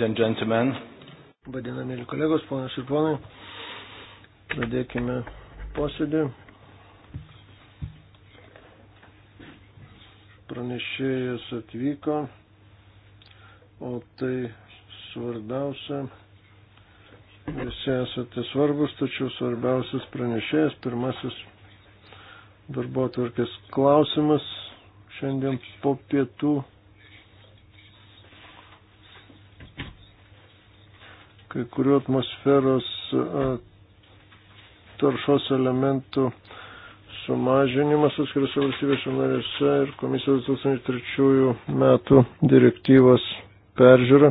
and gentlemen. Vadina, mėly kolegos, ponas ir ponai, pradėkime posėdį. Pranešėjas atvyko, o tai svarbiausia, visi esate svarbus, tačiau svarbiausias pranešėjas, pirmasis darbo tvarkės klausimas šiandien po pietų kai kurių atmosferos taršos elementų sumažinimas atskirose valstybėse narėse ir komisijos 2003 metų direktyvos peržiūra.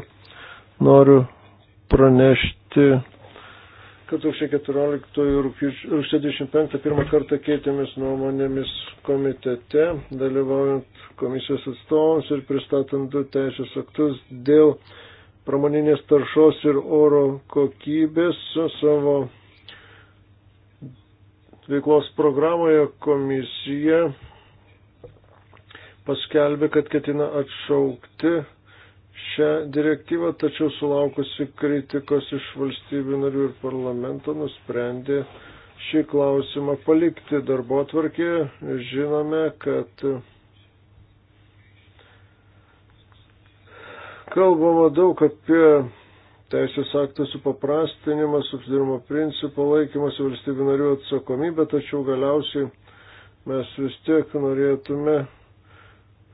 Noriu pranešti, kad 2014 rūpščio 25 pirmą kartą keitėmis nuomonėmis komitete, dalyvaujant komisijos atstovams ir pristatant du teisės aktus dėl pramoninės taršos ir oro kokybės savo veiklos programoje komisija paskelbė, kad ketina atšaukti šią direktyvą, tačiau sulaukusi kritikos iš valstybių narių ir parlamento nusprendė šį klausimą palikti darbo tvarkėje. Žinome, kad Kalbama daug apie teisės aktų supaprastinimą, subsidirimo principą, laikymas valstybių narių atsakomybę, tačiau galiausiai mes vis tiek norėtume,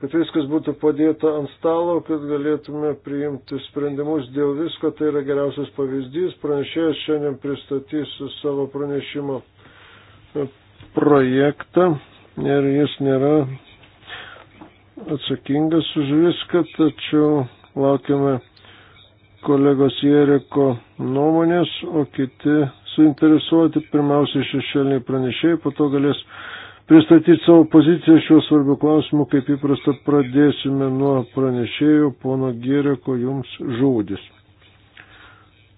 kad viskas būtų padėta ant stalo, kad galėtume priimti sprendimus dėl visko. Tai yra geriausias pavyzdys. Pranešėjas šiandien pristatys savo pranešimo projektą ir jis nėra atsakingas už viską, tačiau Laukiame kolegos Jereko nuomonės, o kiti suinteresuoti pirmiausia šešėliniai pranešėjai, po to galės pristatyti savo poziciją šiuo svarbiu klausimu, kaip įprasta pradėsime nuo pranešėjo, pono Gereko, jums žodis.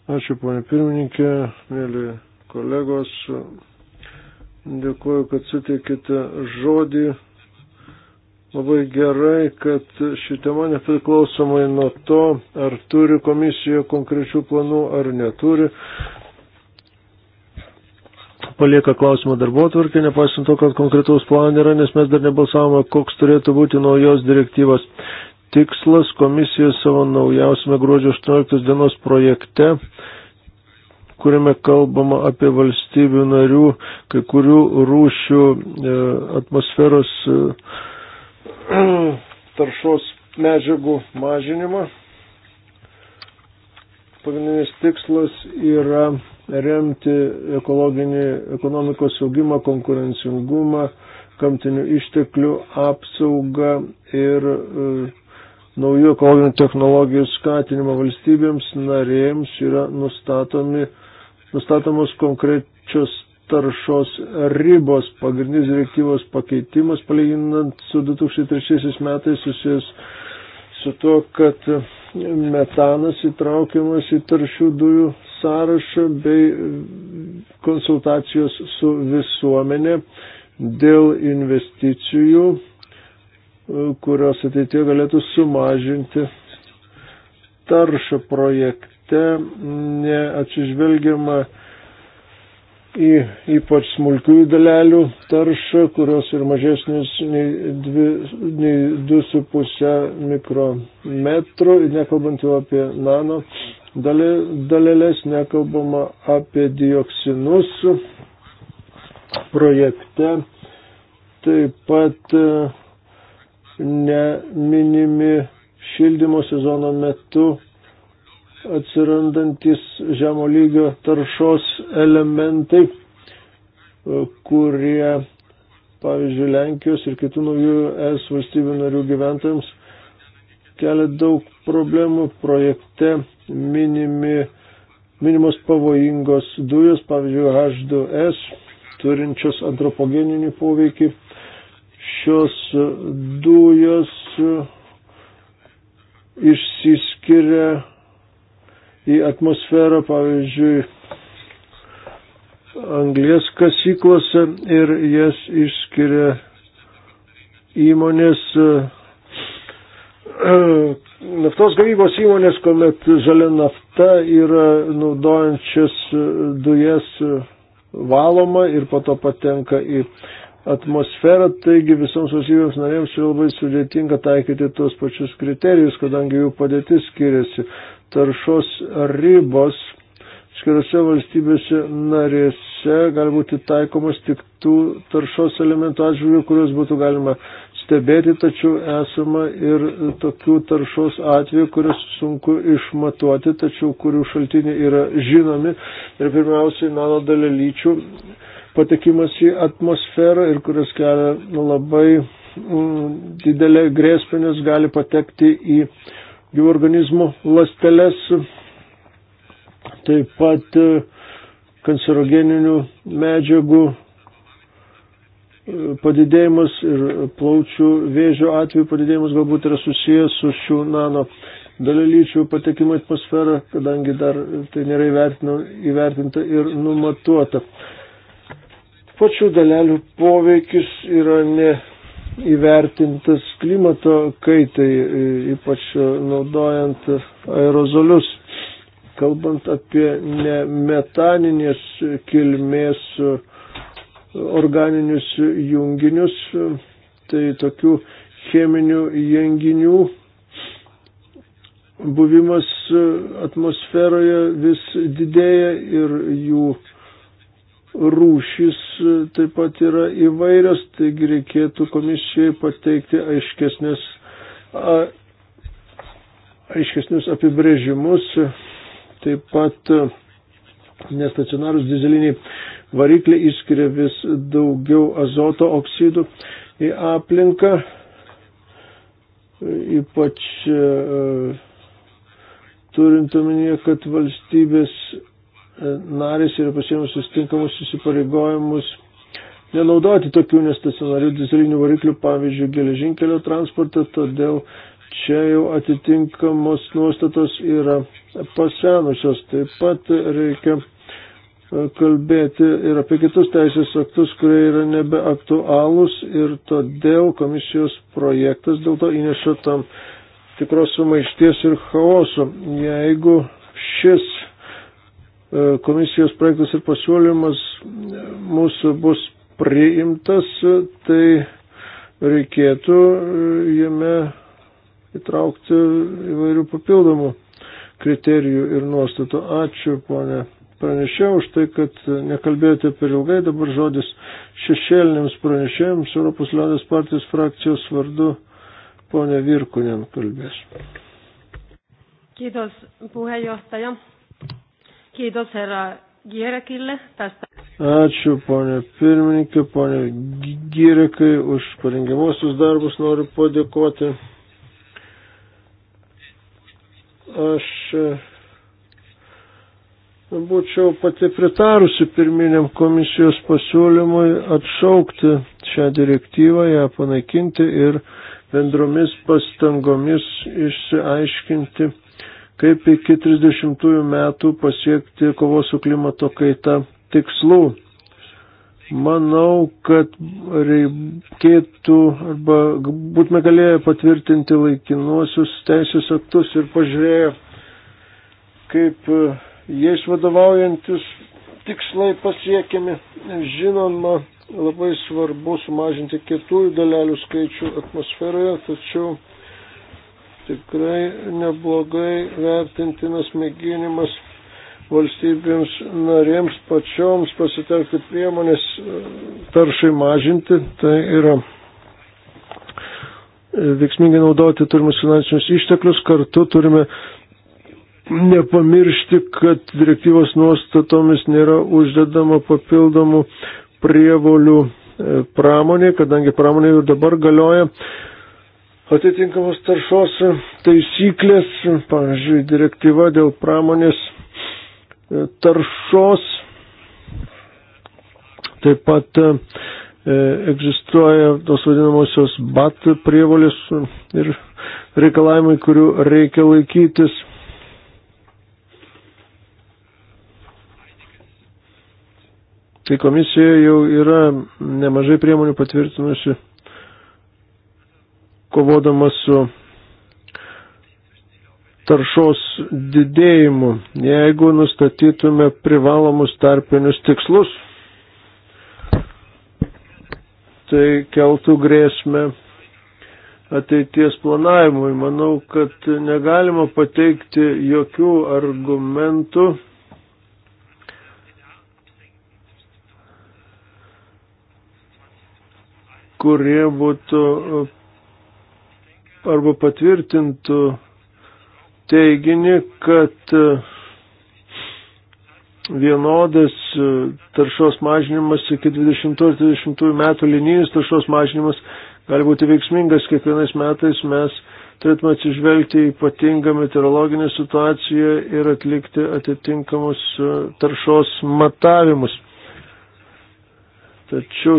Ačiū, ponė pirmininkė, mėly kolegos, dėkuoju, kad suteikite žodį Labai gerai, kad ši tema nepriklausomai nuo to, ar turi komisija konkrečių planų ar neturi, palieka klausimą darbotvarkė, nepaisant to, kad konkretaus plano yra, nes mes dar nebalsavome, koks turėtų būti naujos direktyvos tikslas. Komisija savo naujausime gruodžio 18 dienos projekte, kuriame kalbama apie valstybių narių, kai kurių rūšių e, atmosferos e, taršos medžiagų mažinimą. Pagrindinis tikslas yra remti ekologinį ekonomikos saugimą, konkurencingumą, gamtinių išteklių apsaugą ir e, naujų ekologinių technologijų skatinimą valstybėms narėms yra nustatomi, nustatomos konkrečios taršos ribos pagrindinis direktyvos pakeitimas, palyginant su 2003 metais susijęs su to, kad metanas įtraukiamas į taršių dujų sąrašą bei konsultacijos su visuomenė dėl investicijų, kurios ateitie galėtų sumažinti taršą projekte, neatsižvelgiama į ypač smulkiųjų dalelių taršą, kurios ir mažesnės nei, dvi, nei 2,5 mikrometro, nekalbant jau apie nano dalelės, nekalbama apie dioksinus projekte. Taip pat e, neminimi šildymo sezono metu atsirandantis žemo lygio taršos elementai, e, kurie, pavyzdžiui, Lenkijos ir kitų naujų ES valstybių narių gyventojams kelia daug problemų. Projekte minimi, minimos pavojingos dujos, pavyzdžiui, H2S, turinčios antropogeninį poveikį. Šios dujos išsiskiria į atmosferą, pavyzdžiui, anglės kasyklose ir jas išskiria įmonės, naftos gavybos įmonės, kuomet žalia nafta yra naudojančias dujas valoma ir po to patenka į atmosferą, taigi visoms valstybėms narėms yra labai sudėtinga taikyti tuos pačius kriterijus, kadangi jų padėtis skiriasi taršos ribos skiriuose valstybėse narėse gali būti taikomas tik tų taršos elementų atžvilgių, kuriuos būtų galima stebėti, tačiau esama ir tokių taršos atvejų, kuriuos sunku išmatuoti, tačiau kurių šaltiniai yra žinomi ir pirmiausiai nano dalelyčių patekimas į atmosferą ir kurios kelia labai mm, didelė grėsmė, nes gali patekti į jų organizmų lasteles, taip pat e, kancerogeninių medžiagų e, padidėjimas ir plaučių vėžio atveju padidėjimas galbūt yra susijęs su šių nano dalelyčių patekimo į atmosferą, kadangi dar tai nėra įvertinta ir numatuota. Pačių dalelių poveikis yra ne įvertintas klimato kaitai, e, ypač naudojant aerozolius. Kalbant apie nemetaninės kilmės organinius junginius, tai tokių cheminių junginių buvimas atmosferoje vis didėja ir jų rūšys e, taip pat yra įvairios, taigi reikėtų komisijai pateikti aiškesnės, aiškesnius apibrėžimus, taip pat e, nestacionarus dizeliniai varikliai įskiria vis daugiau azoto oksidų į aplinką, ypač e, turint omenyje, kad valstybės E, narės yra pasiemusios tinkamus įsipareigojimus nenaudoti tokių nestacionarių dizelinių variklių, pavyzdžiui, geležinkelio transportą, todėl čia jau atitinkamos nuostatos yra pasenusios. Taip pat reikia e, kalbėti ir apie kitus teisės aktus, kurie yra nebeaktualūs ir todėl komisijos projektas dėl to įneša tam tikros sumaišties ir chaoso. Jeigu šis E, komisijos projektas ir pasiūlymas mūsų bus priimtas, tai reikėtų jame įtraukti įvairių papildomų kriterijų ir nuostatų. Ačiū, ponė pranešėjau už tai, kad nekalbėjote per ilgai, dabar žodis šešėlinėms pranešėjams Europos liaudės partijos frakcijos vardu ponė Virkunen kalbės. Kiitos puheenjohtaja. Kiitos herra Gierekille tästä. Ačiū ponė pirmininkė, ponė Gierekai už parengiamosius darbus noriu padėkoti. Aš e, būčiau pati pritarusi pirminiam komisijos pasiūlymui atšaukti šią direktyvą, ją panaikinti ir bendromis pastangomis išsiaiškinti kaip iki 30 metų pasiekti kovos su klimato kaita tikslų. Manau, kad reikėtų arba būtume galėję patvirtinti laikinuosius teisės aktus ir pažiūrėję, kaip e, jais vadovaujantis tikslai pasiekiami. Žinoma, labai svarbu sumažinti kietųjų dalelių skaičių atmosferoje, tačiau tikrai neblogai vertintinas mėginimas valstybėms narėms pačioms pasitelkti priemonės e, taršai mažinti. Tai yra e, veiksmingai naudoti turimus finansinius išteklius, kartu turime nepamiršti, kad direktyvos nuostatomis nėra uždedama papildomų prievolių e, pramonė, kadangi pramonė jau dabar galioja atitinkamos taršos taisyklės, pavyzdžiui, direktyva dėl pramonės e, taršos. Taip pat e, egzistuoja tos vadinamosios BAT prievolės ir reikalavimai, kurių reikia laikytis. Tai komisija jau yra nemažai priemonių patvirtinusi kovodamas su taršos didėjimu, jeigu nustatytume privalomus tarpinius tikslus, tai keltų grėsmę ateities planavimui. Manau, kad negalima pateikti jokių argumentų kurie būtų arba patvirtintų teiginį, kad e, vienodas e, taršos mažinimas iki 20-30 metų linijinis taršos mažinimas gali būti veiksmingas. Kiekvienais metais mes turėtume atsižvelgti ypatingą meteorologinę situaciją ir atlikti atitinkamus e, taršos matavimus. Tačiau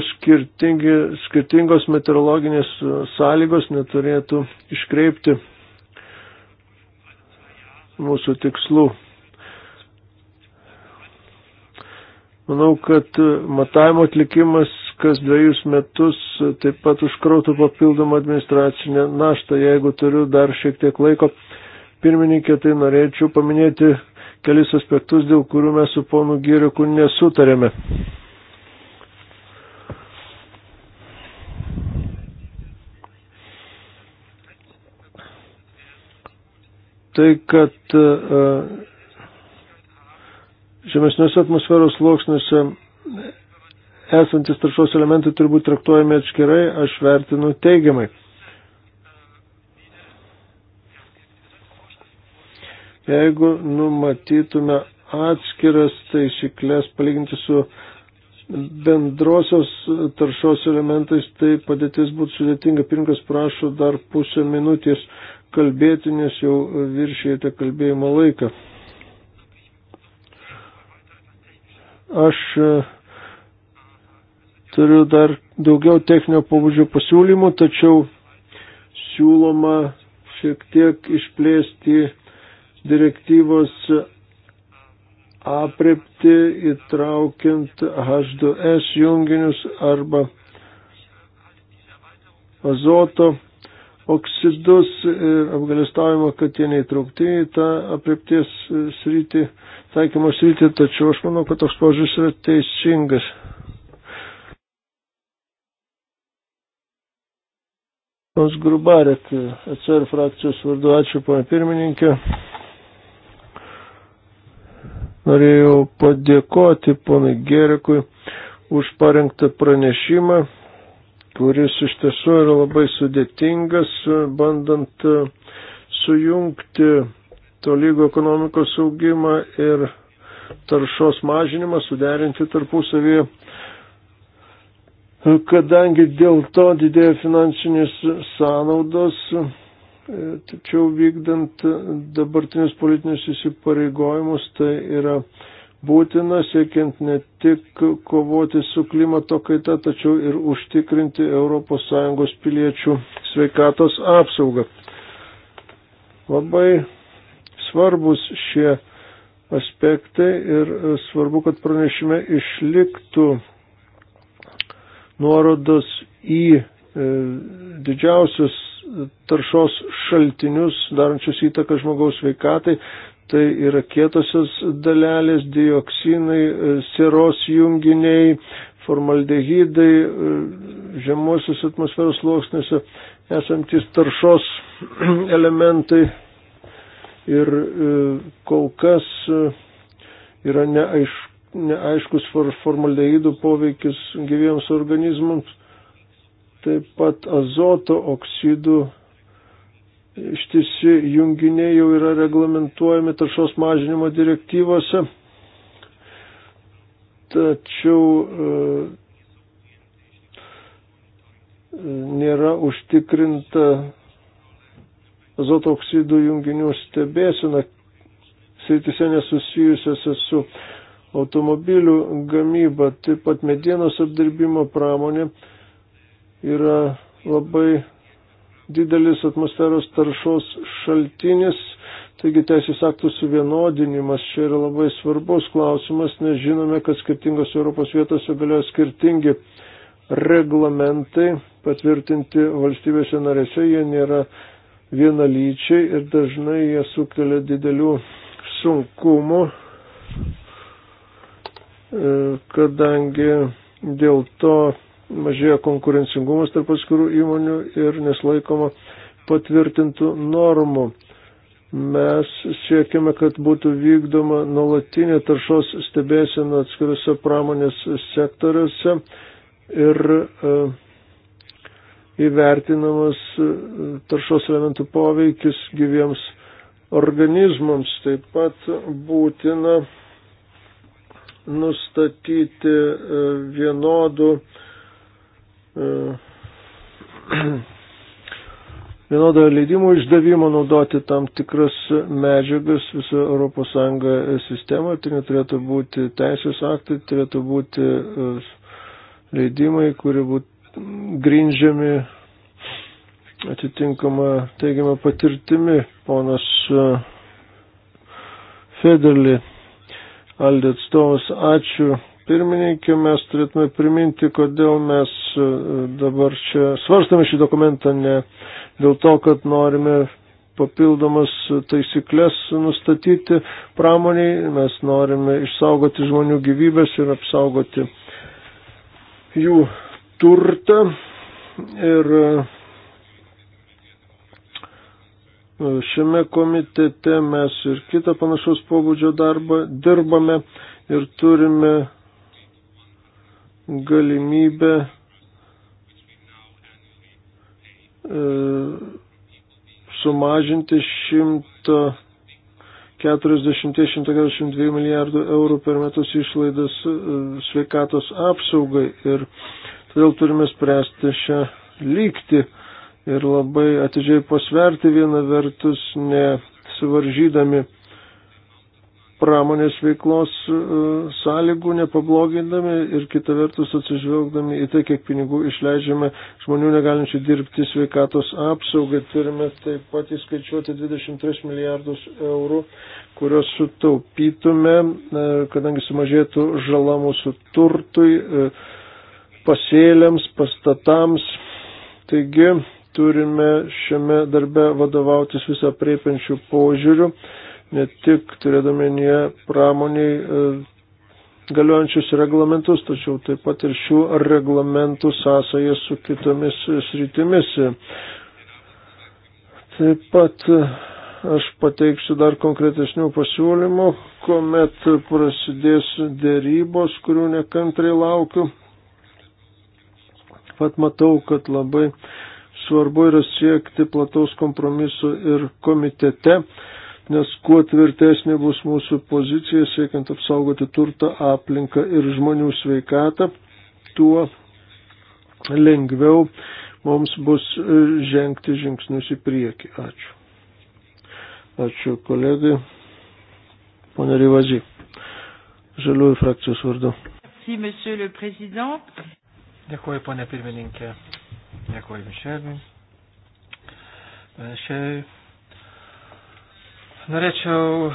skirtingos meteorologinės sąlygos neturėtų iškreipti mūsų tikslų. Manau, kad matavimo atlikimas kas dviejus metus taip pat užkrautų papildomą administracinę naštą. Jeigu turiu dar šiek tiek laiko, pirmininkė, tai norėčiau paminėti kelis aspektus, dėl kurių mes su ponu Gyriku nesutarėme. tai, kad e, žemesniuose atmosferos sluoksniuose esantis taršos elementai turi būti traktuojami atskirai, aš vertinu teigiamai. Jeigu numatytume atskiras taisyklės palyginti su bendrosios taršos elementais, tai padėtis būtų sudėtinga. Pirinkas prašo dar pusę minutės kalbėti, nes jau viršėjate kalbėjimo laiką. Aš e, turiu dar daugiau techninio pabudžio pasiūlymų, tačiau siūloma šiek tiek išplėsti direktyvos aprepti įtraukiant H2S junginius arba azoto oksidus ir apgalėstavimo, kad jie neįtraukti į tą apriepties sritį, taikymo sritį, tačiau aš manau, kad toks požiūris yra teisingas. Mums grubarėt atsver frakcijos vardu, ačiū pana pirmininkė. Norėjau padėkoti ponai Gerikui už parengtą pranešimą kuris iš tiesų yra labai sudėtingas, bandant e, sujungti tolygų ekonomikos augimą ir taršos mažinimą, suderinti tarpusavyje, kadangi dėl to didėja finansinės sąnaudos, e, tačiau vykdant dabartinius politinius įsipareigojimus, tai yra būtina siekiant ne tik kovoti su klimato kaita, tačiau ir užtikrinti ES piliečių sveikatos apsaugą. Labai svarbus šie aspektai ir svarbu, kad pranešime išliktų nuorodos į e, didžiausius taršos šaltinius, darančius įtaką žmogaus veikatai, tai yra kietosios dalelės, dioksinai, e, sieros junginiai, formaldehydai, e, žemosios atmosferos sluoksniuose esantis taršos elementai. Ir e, kol kas yra neaiš, neaiškus formaldehydų poveikis gyviems organizmams, taip pat azoto oksidų ištisi junginiai jau yra reglamentuojami taršos mažinimo direktyvose, tačiau e, e, nėra užtikrinta azoto oksidų junginių stebėsena sritise nesusijusiose su automobilių gamyba, taip pat medienos apdirbimo pramonė yra labai didelis atmosferos taršos šaltinis, taigi teisės aktų suvienodinimas čia yra labai svarbus klausimas, nes žinome, kad skirtingos Europos vietose galioja skirtingi reglamentai patvirtinti valstybėse narėse, jie nėra vienalyčiai ir dažnai jie sukelia didelių sunkumų, e, kadangi dėl to mažėja konkurencingumas tarp atskirų įmonių ir neslaikoma patvirtintų normų. Mes siekime, kad būtų vykdoma nuolatinė taršos stebėsena atskiriuose pramonės sektoriuose ir e, įvertinamas e, taršos elementų poveikis gyviems organizmams. Taip pat būtina nustatyti e, vienodų e, E, vienodo leidimo išdavimo naudoti tam tikras medžiagas viso ES e, sistemoje. Tai neturėtų būti teisės aktai, turėtų būti e, leidimai, kurie būtų grindžiami atitinkama teigiama patirtimi. Ponas Federli, Aldė atstovas, ačiū pirmininkė, mes turėtume priminti, kodėl mes e, dabar čia svarstame šį dokumentą ne dėl to, kad norime papildomas taisyklės nustatyti pramoniai, mes norime išsaugoti žmonių gyvybės ir apsaugoti jų turtą. Ir e, šiame komitete mes ir kitą panašaus pobūdžio darbą dirbame ir turime galimybę e, sumažinti 140-142 milijardų eurų per metus išlaidas e, sveikatos apsaugai ir todėl turime spręsti šią lygti ir labai atidžiai pasverti vieną vertus, nesuvaržydami pramonės veiklos e, sąlygų nepablogindami ir kita vertus atsižvelgdami į tai, kiek pinigų išleidžiame žmonių negalinčių dirbti sveikatos apsaugai. Turime taip pat įskaičiuoti 23 milijardus eurų, kuriuos sutaupytume, e, kadangi sumažėtų žala mūsų turtui, e, pasėliams, pastatams. Taigi turime šiame darbe vadovautis visą priepenčių požiūrių ne tik turėdamenyje pramoniai e, galiojančius reglamentus, tačiau taip pat ir šių reglamentų sąsąją su kitomis sritimis. Taip pat e, aš pateiksiu dar konkretesnių pasiūlymų, kuomet prasidės dėrybos, kurių nekantrai laukiu. Pat matau, kad labai svarbu yra siekti plataus kompromiso ir komitete nes kuo tvirtesnė bus mūsų pozicija siekiant apsaugoti turtą, aplinką ir žmonių sveikatą, tuo lengviau mums bus e, žengti žingsnius į priekį. Ačiū. Ačiū kolegai. Pone Rivazy, žaliųjų frakcijos vardu. Dėkuoju, ponė pirmininkė. Dėkuoju, Mišeliui. Šiai Norėčiau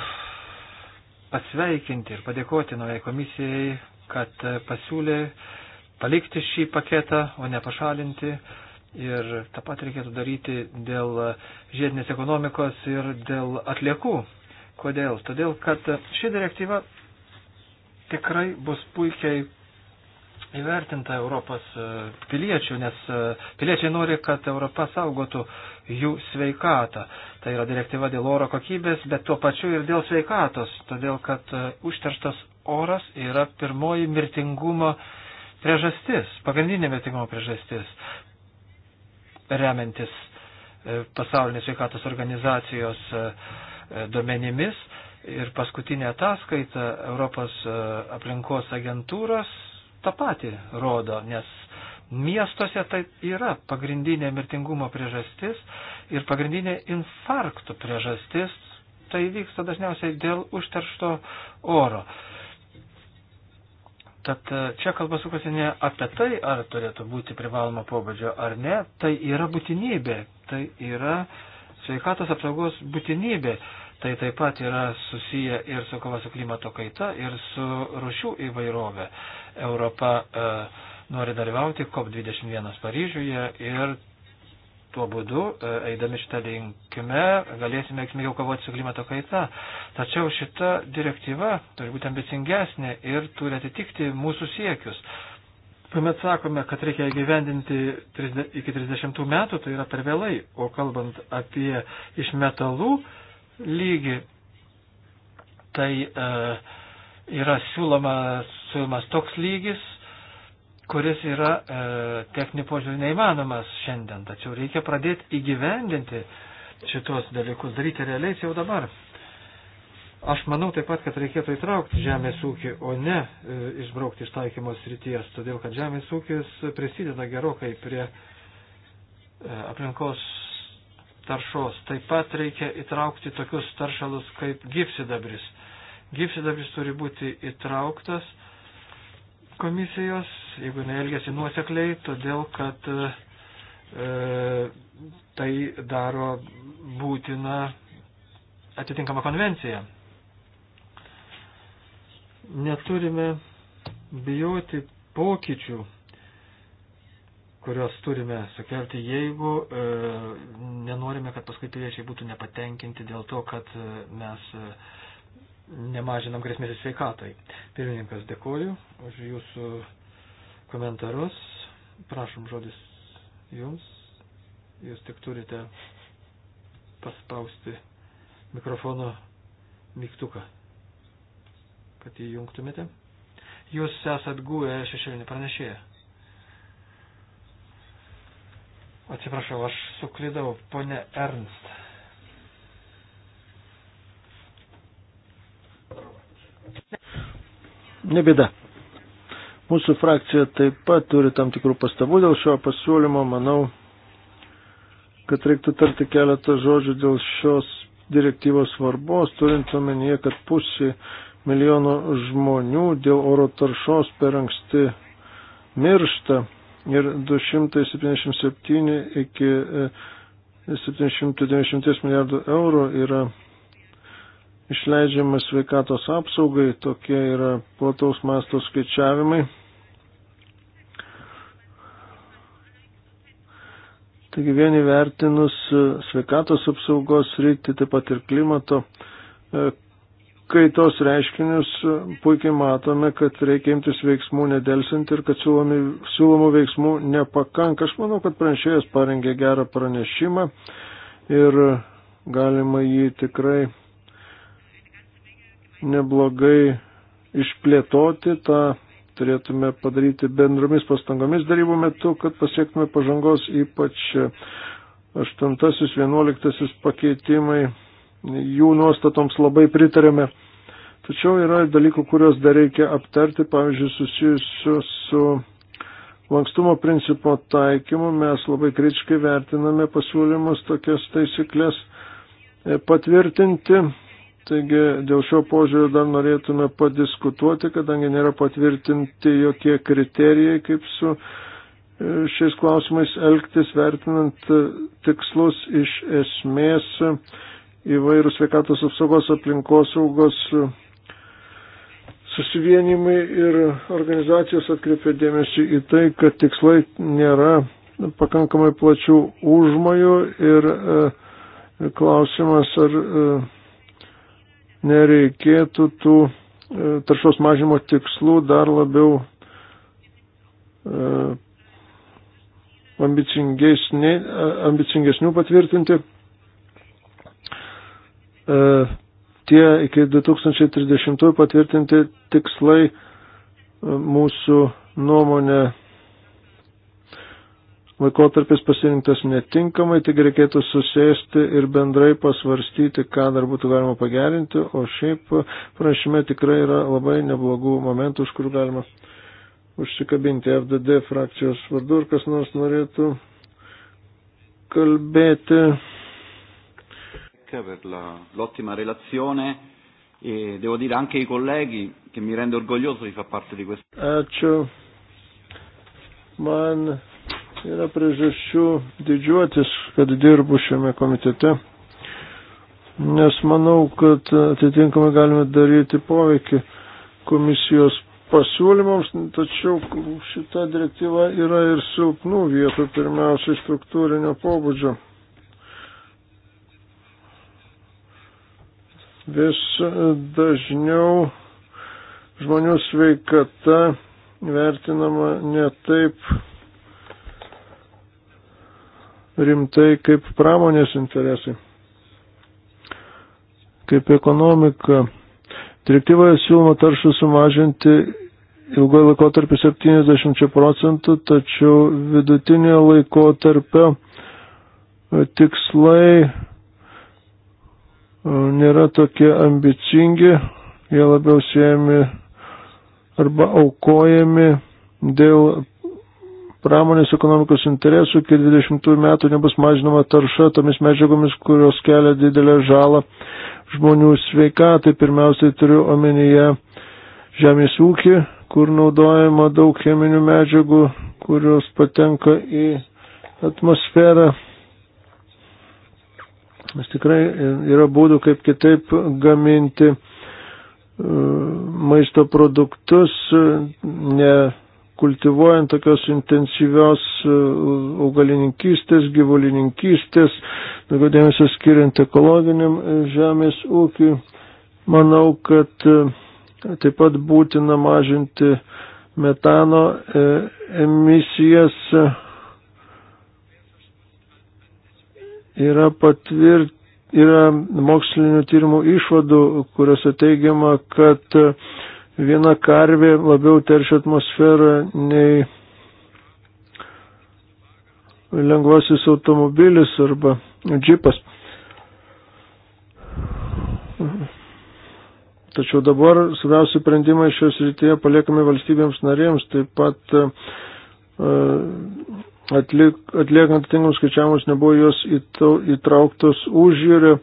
pasveikinti ir padėkoti naujai komisijai, kad pasiūlė palikti šį paketą, o ne pašalinti. Ir tą pat reikėtų daryti dėl žiedinės ekonomikos ir dėl atliekų. Kodėl? Todėl, kad ši direktyva tikrai bus puikiai įvertinta Europos piliečių, nes piliečiai nori, kad Europa saugotų jų sveikatą. Tai yra direktyva dėl oro kokybės, bet tuo pačiu ir dėl sveikatos, todėl kad e, užterštas oras yra pirmoji mirtingumo priežastis, pagrindinė mirtingumo priežastis, remiantis e, pasaulinės sveikatos organizacijos e, duomenimis. Ir paskutinė ataskaita Europos aplinkos agentūros tą patį rodo, nes Miestuose tai yra pagrindinė mirtingumo priežastis ir pagrindinė infarktų priežastis. Tai vyksta dažniausiai dėl užteršto oro. Tad e, čia kalba sukasi ne apie tai, ar turėtų būti privaloma pobūdžio ar ne, tai yra būtinybė, tai yra sveikatos apsaugos būtinybė. Tai taip pat yra susiję ir su kova su klimato kaita, ir su rušių įvairovė. Europa. Uh, e, nori dalyvauti COP21 Paryžiuje ir tuo būdu, e, eidami šitą linkme, galėsime veiksmingiau kovoti su klimato kaita. Tačiau šita direktyva turi būti ambicingesnė ir turi atitikti mūsų siekius. Tuomet sakome, kad reikia įgyvendinti iki 30 metų, tai yra per vėlai, o kalbant apie iš metalų lygį, tai e, yra siūlomas, siūlomas toks lygis, kuris yra e, techninių požiūrį neįmanomas šiandien, tačiau reikia pradėti įgyvendinti šitos dalykus, daryti realiais jau dabar. Aš manau taip pat, kad reikėtų įtraukti žemės ūkį, o ne e, išbraukti iš taikymos ryties, todėl kad žemės ūkis prisideda gerokai prie e, aplinkos taršos. Taip pat reikia įtraukti tokius taršalus kaip gypsidabris. Gypsidabris turi būti įtrauktas komisijos, jeigu jinai elgesi nuosekliai, todėl kad e, tai daro būtina atitinkama konvencija. Neturime bijoti pokyčių, kurios turime sukelti, jeigu e, nenorime, kad paskui piliečiai būtų nepatenkinti dėl to, kad e, mes e, nemažinam grėsmės sveikatai. Pirmininkas, dėkoju už jūsų komentarus. Prašom žodis jums. Jūs tik turite paspausti mikrofono mygtuką, kad įjungtumėte. Jūs esat guvę šešėlinį pranešėją. Atsiprašau, aš suklydau, ponė Ernst. Nebėda. Mūsų frakcija taip pat turi tam tikrų pastabų dėl šio pasiūlymo. Manau, kad reiktų tarti keletą žodžių dėl šios direktyvos svarbos, turint omenyje, kad pusė milijono žmonių dėl oro taršos per anksti miršta ir 277 iki 790 e, milijardų eurų yra išleidžiamas sveikatos apsaugai, tokie yra plataus masto skaičiavimai. Taigi vieni vertinus sveikatos apsaugos rytį, taip pat ir klimato e, kaitos reiškinius, puikiai matome, kad reikia imtis veiksmų nedelsint ir kad siūlomi, siūlomų veiksmų nepakanka. Aš manau, kad pranešėjas parengė gerą pranešimą ir galima jį tikrai neblogai išplėtoti, tą turėtume padaryti bendromis pastangomis darybų metu, kad pasiektume pažangos, ypač 8-11 pakeitimai, jų nuostatoms labai pritarėme. Tačiau yra dalykų, kuriuos dar reikia aptarti, pavyzdžiui, susijusiu su lankstumo principo taikymu. Mes labai kritiškai vertiname pasiūlymus tokias taisyklės e, patvirtinti Taigi dėl šio požiūrio dar norėtume padiskutuoti, kadangi nėra patvirtinti jokie kriterijai, kaip su e, šiais klausimais elgtis, vertinant e, tikslus iš esmės e, įvairių sveikatos apsaugos aplinkosaugos susivienimai ir organizacijos atkreipė dėmesį į tai, kad tikslai nėra pakankamai plačių užmojų ir klausimas, ar nereikėtų tų e, taršos mažimo tikslų dar labiau e, ambicingesnių patvirtinti. E, tie iki 2030 patvirtinti tikslai mūsų nuomonė laikotarpis pasirinktas netinkamai, tik reikėtų susėsti ir bendrai pasvarstyti, ką dar būtų galima pagerinti, o šiaip prašyme tikrai yra labai neblogų momentų, už kurių galima užsikabinti FDD frakcijos vardu ir kas nors norėtų kalbėti. Per l'ottima relazione e devo dire anche ai colleghi che mi rende orgoglioso di far parte di questo. Ačiū. Man Yra priežasčių didžiuotis, kad dirbu šiame komitete, nes manau, kad atitinkamai galime daryti poveikį komisijos pasiūlymams, tačiau šita direktyva yra ir silpnų vietų, pirmiausiai struktūrinio pobūdžio. Vis dažniau žmonių sveikata vertinama ne taip rimtai kaip pramonės interesai, kaip ekonomika. Direktyvoje siūloma taršų sumažinti ilgoje laikotarpį 70 procentų, tačiau vidutinėje laikotarpio e, tikslai e, nėra tokie ambicingi, jie labiau siejami arba aukojami dėl pramonės ekonomikos interesų iki 20 metų nebus mažinama tarša tomis medžiagomis, kurios kelia didelę žalą žmonių sveikatai. Pirmiausiai turiu omenyje žemės ūkį, kur naudojama daug cheminių medžiagų, kurios patenka į atmosferą. Nes tikrai yra būdų, kaip kitaip gaminti uh, maisto produktus, ne kultivuojant tokios intensyvios e, augalininkystės, gyvulininkystės, daugiau dėmesio skiriant ekologiniam e, žemės ūkiui. Manau, kad e, taip pat būtina mažinti metano emisijas. Yra patvirt, yra mokslinių tyrimų išvadų, kuriuose teigiama, kad viena karvė labiau teršia atmosferą nei lengvasis automobilis arba džipas. Tačiau dabar svarbiausi sprendimai šios rytyje paliekami valstybėms narėms, taip pat e, atlik, atliekant tinkamus skaičiavimus nebuvo jos įtrauktos užjūrio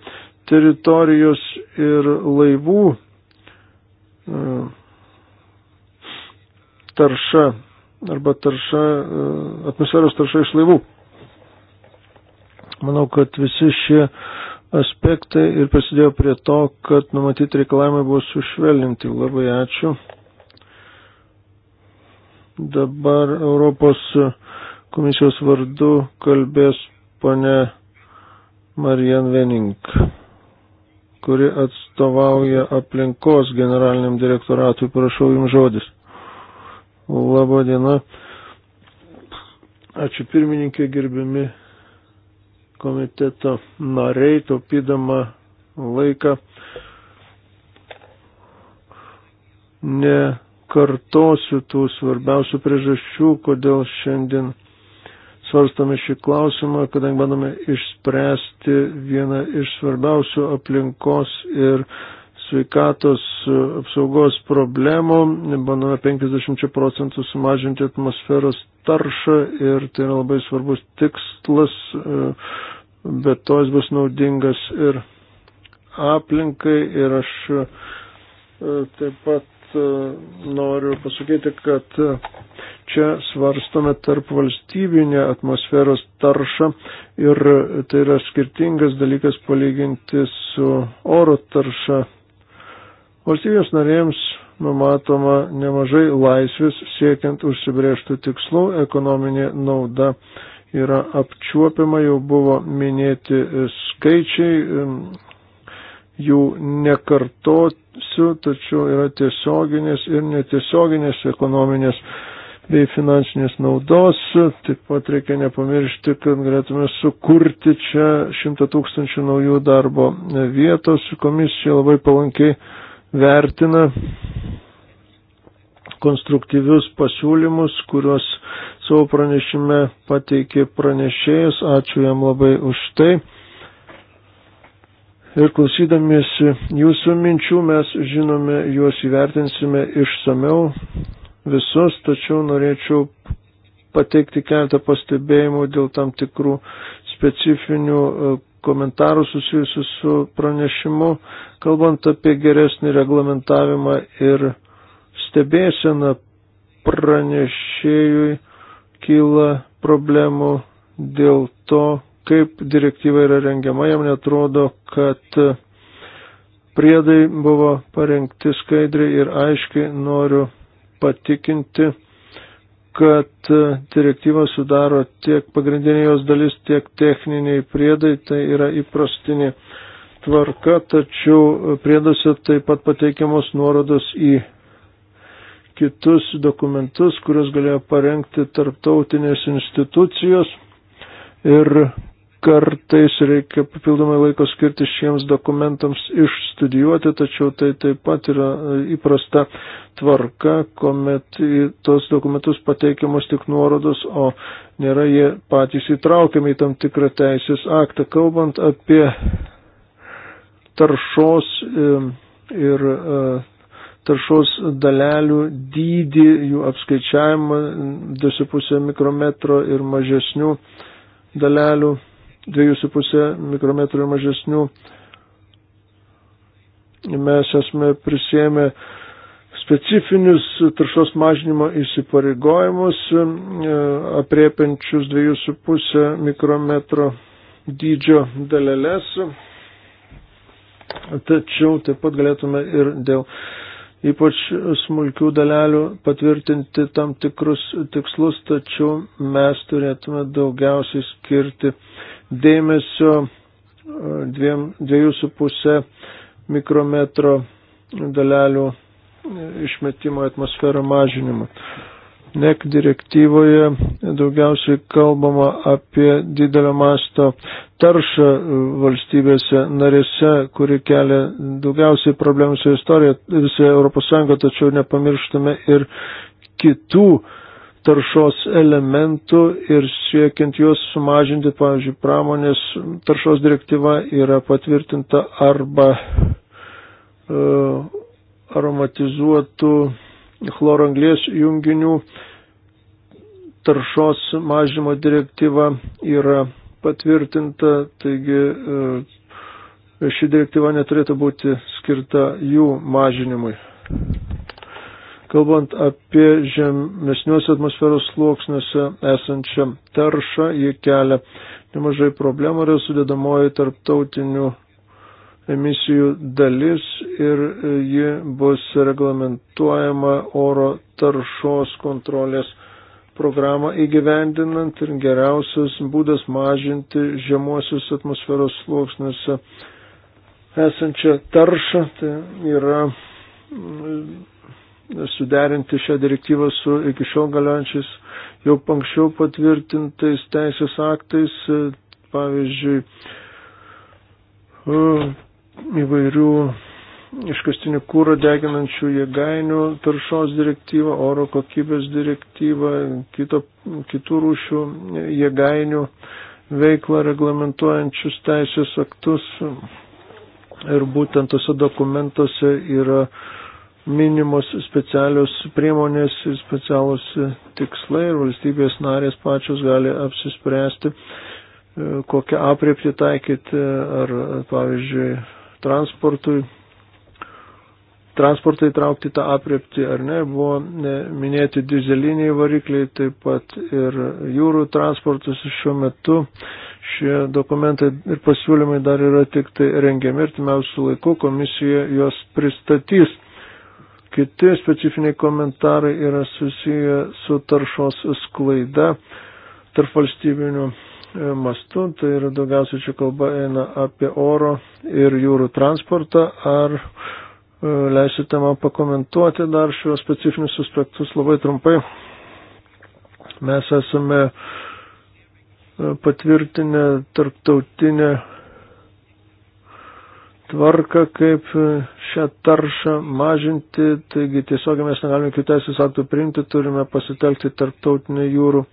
teritorijos ir laivų e, tarša arba tarša, e, atmosferos tarša iš laivų. Manau, kad visi šie aspektai ir prisidėjo prie to, kad numatyti reikalavimai buvo sušvelninti. Labai ačiū. Dabar Europos komisijos vardu kalbės ponė Marian Venink, kuri atstovauja aplinkos generaliniam direktoratui. Prašau jums žodis. Labą dieną. Ačiū pirmininkė, gerbiami komiteto nariai, taupydama laiką. Nekartosiu tų svarbiausių priežasčių, kodėl šiandien svarstame šį klausimą, kadangi bandome išspręsti vieną iš svarbiausių aplinkos ir sveikatos e, apsaugos problemų, bandome 50 procentų sumažinti atmosferos taršą ir tai yra labai svarbus tikslas, e, bet to jis bus naudingas ir aplinkai ir aš e, taip pat noriu pasakyti, kad čia svarstome tarp valstybinę atmosferos taršą ir tai yra skirtingas dalykas palyginti su oro tarša Valstybės narėms numatoma nemažai laisvės siekiant užsibrėžtų tikslų, ekonominė nauda yra apčiuopiama, jau buvo minėti skaičiai, jų nekartosiu, tačiau yra tiesioginės ir netiesioginės ekonominės bei finansinės naudos. Taip pat reikia nepamiršti, kad galėtume sukurti čia šimtą tūkstančių naujų darbo vietos. Komisija labai palankiai vertina konstruktyvius pasiūlymus, kuriuos savo pranešime pateikė pranešėjas. Ačiū jam labai už tai. Ir klausydamiesi jūsų minčių mes žinome, juos įvertinsime išsameu visus, tačiau norėčiau pateikti keletą pastebėjimų dėl tam tikrų specifinių komentarų susijusių su pranešimu, kalbant apie geresnį reglamentavimą ir stebėseną pranešėjui kyla problemų dėl to, kaip direktyva yra rengiama, jam netrodo, kad priedai buvo parengti skaidriai ir aiškiai noriu patikinti kad e, direktyvą sudaro tiek pagrindinė jos dalis, tiek techniniai priedai, tai yra įprastinė tvarka, tačiau prieduose taip pat pateikiamos nuorodos į kitus dokumentus, kuriuos galėjo parengti tarptautinės institucijos ir kartais reikia papildomai laiko skirti šiems dokumentams išstudijuoti, tačiau tai taip pat yra e, įprasta tvarka, kuomet į tos dokumentus pateikiamos tik nuorodos, o nėra jie patys įtraukiami į tam tikrą teisės aktą. Kalbant apie taršos e, ir e, taršos dalelių dydį, jų apskaičiavimą 2,5 mikrometro ir mažesnių dalelių 2,5 mikrometrų ir mažesnių. Mes esame prisėmę specifinius taršos mažinimo įsipareigojimus, e, apriepiančius 2,5 mikrometro dydžio dalelės. Tačiau taip pat galėtume ir dėl ypač smulkių dalelių patvirtinti tam tikrus tikslus, tačiau mes turėtume daugiausiai skirti dėmesio e, dviem, dviejų su pusė mikrometro dalelių e, išmetimo atmosferą mažinimą. NEC direktyvoje daugiausiai kalbama apie didelio masto taršą e, valstybėse narėse, kuri kelia daugiausiai problemų su istorija visoje Europos Sąjungoje, tačiau nepamirštame ir kitų uh, taršos elementų ir siekiant juos sumažinti, pavyzdžiui, pramonės taršos direktyva yra patvirtinta arba uh, aromatizuotų chloranglės junginių taršos mažymo direktyva yra patvirtinta, taigi uh, ši direktyva neturėtų būti skirta jų mažinimui. Kalbant apie žemesniuose atmosferos sluoksniuose esančią taršą, ji kelia nemažai problemų ir sudėdamoji tarptautinių emisijų dalis ir e, ji bus reglamentuojama oro taršos kontrolės programą įgyvendinant ir geriausias būdas mažinti žemuosius atmosferos sluoksniuose esančią taršą tai yra suderinti šią direktyvą su iki šiol galiojančiais jau anksčiau patvirtintais teisės aktais, e, pavyzdžiui, e, įvairių iškastinį kūrą deginančių jėgainių taršos direktyvą, oro kokybės direktyvą, kito, kitų rūšių jėgainių veiklą reglamentuojančius teisės aktus. Ir būtent tose dokumentuose yra uh, minimos specialios priemonės ir specialus tikslai ir valstybės narės pačios gali apsispręsti, e, kokią apriepti taikyti, ar pavyzdžiui transportui, transportą įtraukti tą apriepti ar ne, buvo e, minėti dizeliniai varikliai, taip pat ir jūrų transportas šiuo metu šie dokumentai ir pasiūlymai dar yra tik tai rengiami ir timiausių laikų komisija juos pristatys. Kiti specifiniai komentarai yra susiję su taršos sklaida tarp valstybinių e, mastų. Tai yra daugiausiai čia kalba eina apie oro ir jūrų transportą. Ar e, leisite man pakomentuoti dar šios specifinius aspektus labai trumpai? Mes esame e, patvirtinę tarptautinę tvarką, kaip šią taršą mažinti, taigi tiesiog mes negalime kitų teisės aktų priimti, turime pasitelkti tarptautinę jūrų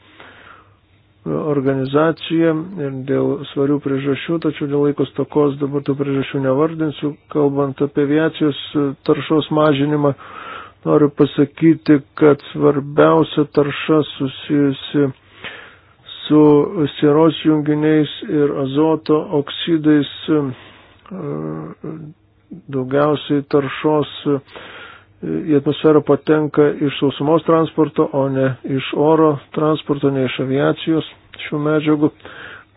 organizaciją ir dėl svarių priežasčių, tačiau dėl laikos tokos dabar tų priežasčių nevardinsiu. Kalbant apie aviacijos taršos mažinimą, noriu pasakyti, kad svarbiausia tarša susijusi su sieros junginiais ir azoto oksidais daugiausiai taršos į atmosferą patenka iš sausumos transporto, o ne iš oro transporto, ne iš aviacijos šių medžiagų.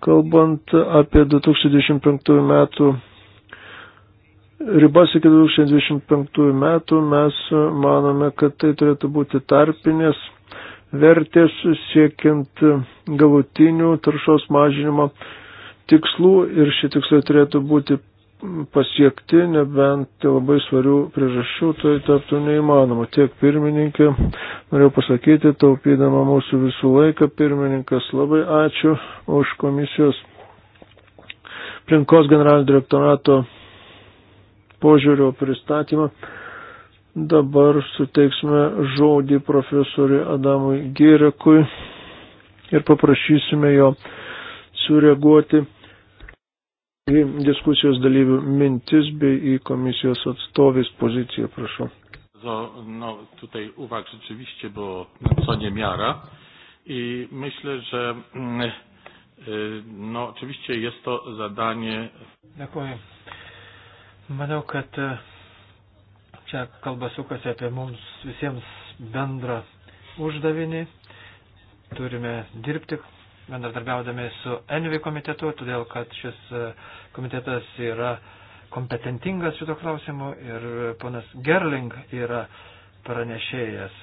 Kalbant apie 2025 metų ribas iki 2025 metų, mes manome, kad tai turėtų būti tarpinės vertės siekiant galutinių taršos mažinimo tikslų ir šie tikslai turėtų būti pasiekti, nebent labai svarių priežasčių, tai taptų neįmanoma. Tiek pirmininkė, norėjau pasakyti, taupydama mūsų visų laiką, pirmininkas, labai ačiū už komisijos aplinkos generalinio direktorato požiūrio pristatymą. Dabar suteiksime žodį profesoriui Adamui Girekui ir paprašysime jo sureaguoti į diskusijos dalyvių mintis bei į komisijos atstovės poziciją, prašau. No, tutaj uwag rzeczywiście było co niemiara i myślę, że mm, e, no, oczywiście jest to zadanie. Dziękuję. Manau, kad e, čia kalba sukasi apie mums visiems bendrą uždavinį. Turime dirbti bendradarbiaudami su Envi komitetu, todėl kad šis e, komitetas yra kompetentingas šito klausimu ir ponas Gerling yra pranešėjas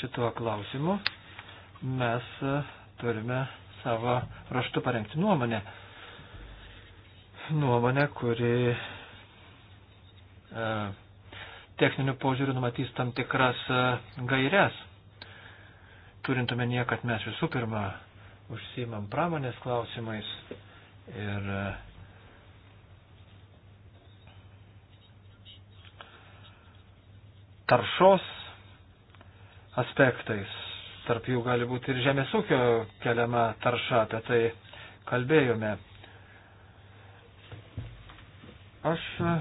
šituo klausimu. Mes e, turime savo raštu parengti nuomonę. Nuomonę, kuri e, techniniu požiūriu numatys tam tikras e, gairias turint omenyje, kad mes visų pirma užsiimam pramonės klausimais ir e, taršos aspektais, tarp jų gali būti ir žemės ūkio keliama tarša, apie tai kalbėjome. Aš e,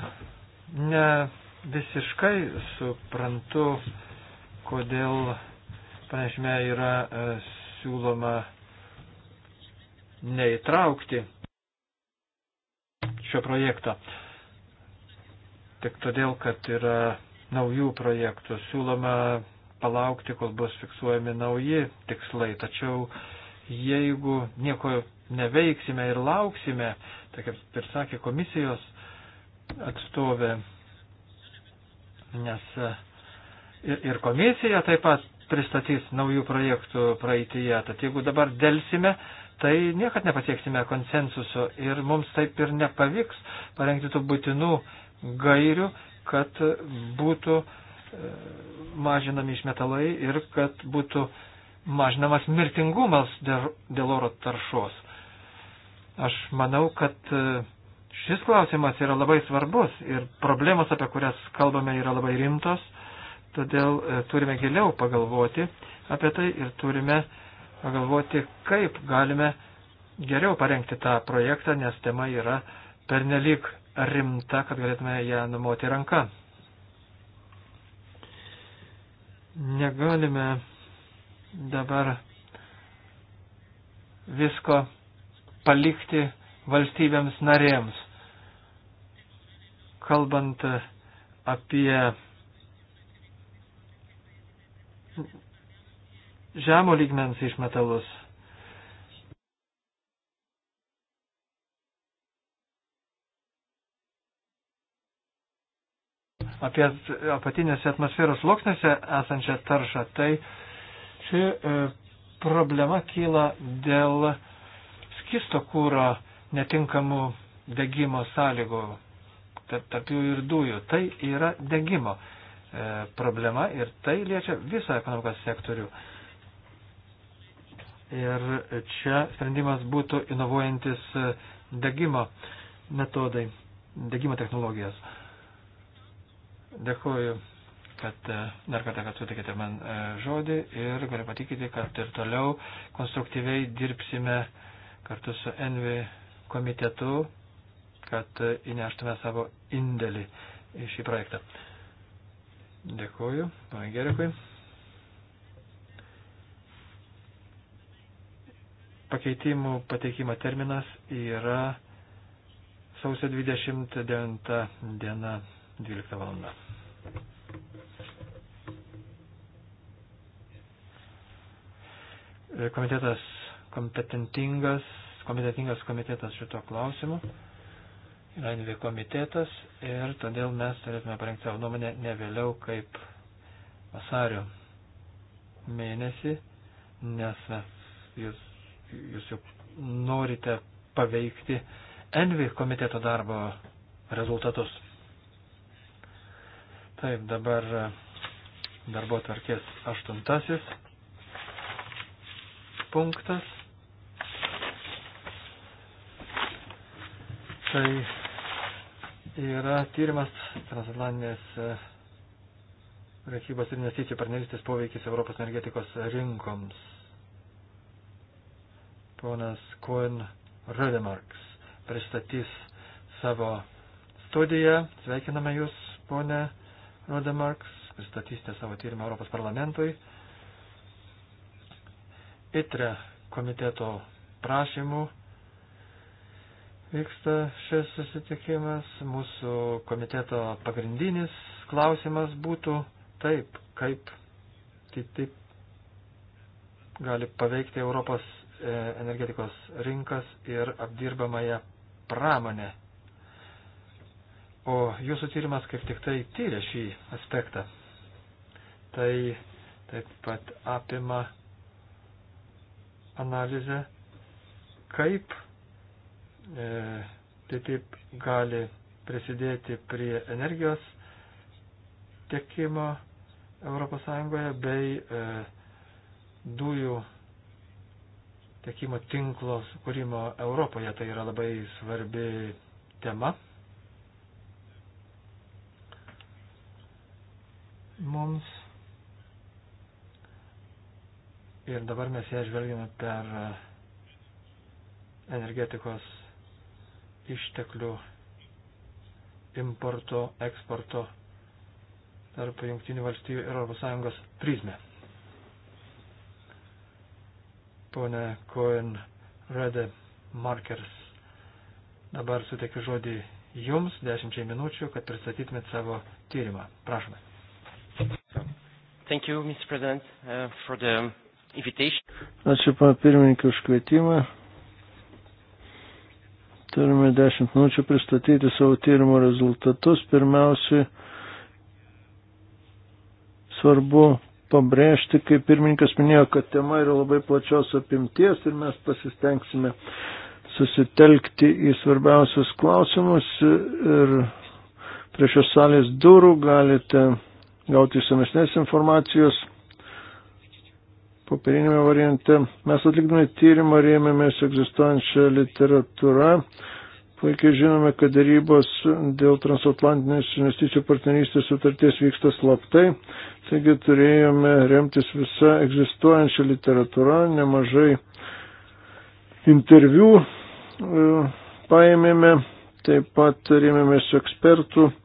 ne visiškai suprantu, kodėl pranešime yra e, siūloma neįtraukti šio projekto. Tik todėl, kad yra naujų projektų siūloma palaukti, kol bus fiksuojami nauji tikslai. Tačiau jeigu nieko neveiksime ir lauksime, tai kaip ir sakė komisijos atstovė, nes e, ir, ir komisija taip pat pristatys naujų projektų praeitįje. Tad jeigu dabar dėlsime, tai niekad nepasieksime konsensuso ir mums taip ir nepavyks parengti tų būtinų gairių, kad būtų e, mažinami išmetalai ir kad būtų mažinamas mirtingumas dėl oro taršos. Aš manau, kad e, šis klausimas yra labai svarbus ir problemos, apie kurias kalbame, yra labai rimtos Todėl e, turime giliau pagalvoti apie tai ir turime pagalvoti, kaip galime geriau parengti tą projektą, nes tema yra pernelyg rimta, kad galėtume ją numoti ranką. Negalime dabar visko palikti valstybėms narėms. Kalbant apie žemo lygmens išmetalus. Apie apatinėse atmosferos sluoksniuose esančią taršą, tai ši e, problema kyla dėl skisto kūro netinkamų degimo sąlygų, tarp, tarp jų ir dujų. Tai yra degimo e, problema ir tai liečia visą ekonomikos sektorių. E, Ir čia sprendimas būtų inovuojantis degimo metodai, degimo technologijas. Dėkuoju, kad e, dar kartą, kad sutikėte man e, žodį ir galiu patikyti, kad ir toliau konstruktyviai dirbsime kartu su Envi komitetu, kad e, įneštume savo indėlį į šį projektą. Dėkuoju, man gerikui. Pakeitimų pateikimo terminas yra sausio 29 diena 12 valanda. Komitetas kompetentingas, kompetentingas komitetas šito klausimu yra NV komitetas ir todėl mes turėtume parengti savo nuomonę ne vėliau kaip vasario mėnesį, nes jūs jūs jau norite paveikti Envi komiteto darbo rezultatus. Taip, dabar darbo tvarkės aštuntasis punktas. Tai yra tyrimas transatlantinės e, prekybos ir investicijų partnerystės poveikis Europos energetikos rinkoms ponas Kuen Rodemarks pristatys savo studiją. Sveikiname Jūs, ponė Rodemarks, pristatysite savo tyrimą Europos parlamentui. ITRE komiteto prašymų vyksta šis susitikimas. Mūsų komiteto pagrindinis klausimas būtų taip, kaip TTIP tai gali paveikti Europos E, energetikos rinkas ir apdirbamąją pramonę. O jūsų tyrimas kaip tik tai tyrė šį aspektą. Tai taip pat apima analizę, kaip e, tai taip gali prisidėti prie energijos tiekimo ES bei e, dujų tiekimo tinklo sukūrimo Europoje. Tai yra labai svarbi tema. Mums. Ir dabar mes ją žvelgiame per energetikos išteklių importo, eksporto tarp Junktinių valstybių ir ES prizmę ponė Cohen Rede Markers. Dabar suteikiu žodį jums dešimčiai minučių, kad pristatytumėt savo tyrimą. Prašome. Thank you, Mr. President, uh, for the invitation. Ačiū, pana pirmininkė, už kvietimą. Turime dešimt minučių pristatyti savo tyrimo rezultatus. Pirmiausiai, svarbu pabrėžti, kaip pirmininkas minėjo, kad tema yra labai plačios apimties ir mes pasistengsime susitelkti į svarbiausius klausimus ir prie šios salės durų galite gauti išsamesnės informacijos popierinėme variante. Mes atlikdami tyrimą rėmėmės egzistuojančią literatūrą Puikiai žinome, kad darybos dėl transatlantinės investicijų partnerystės sutarties vyksta slaptai, taigi turėjome remtis visą egzistuojančią literatūrą, nemažai interviu e, paėmėme, taip pat rėmėmės ekspertų e,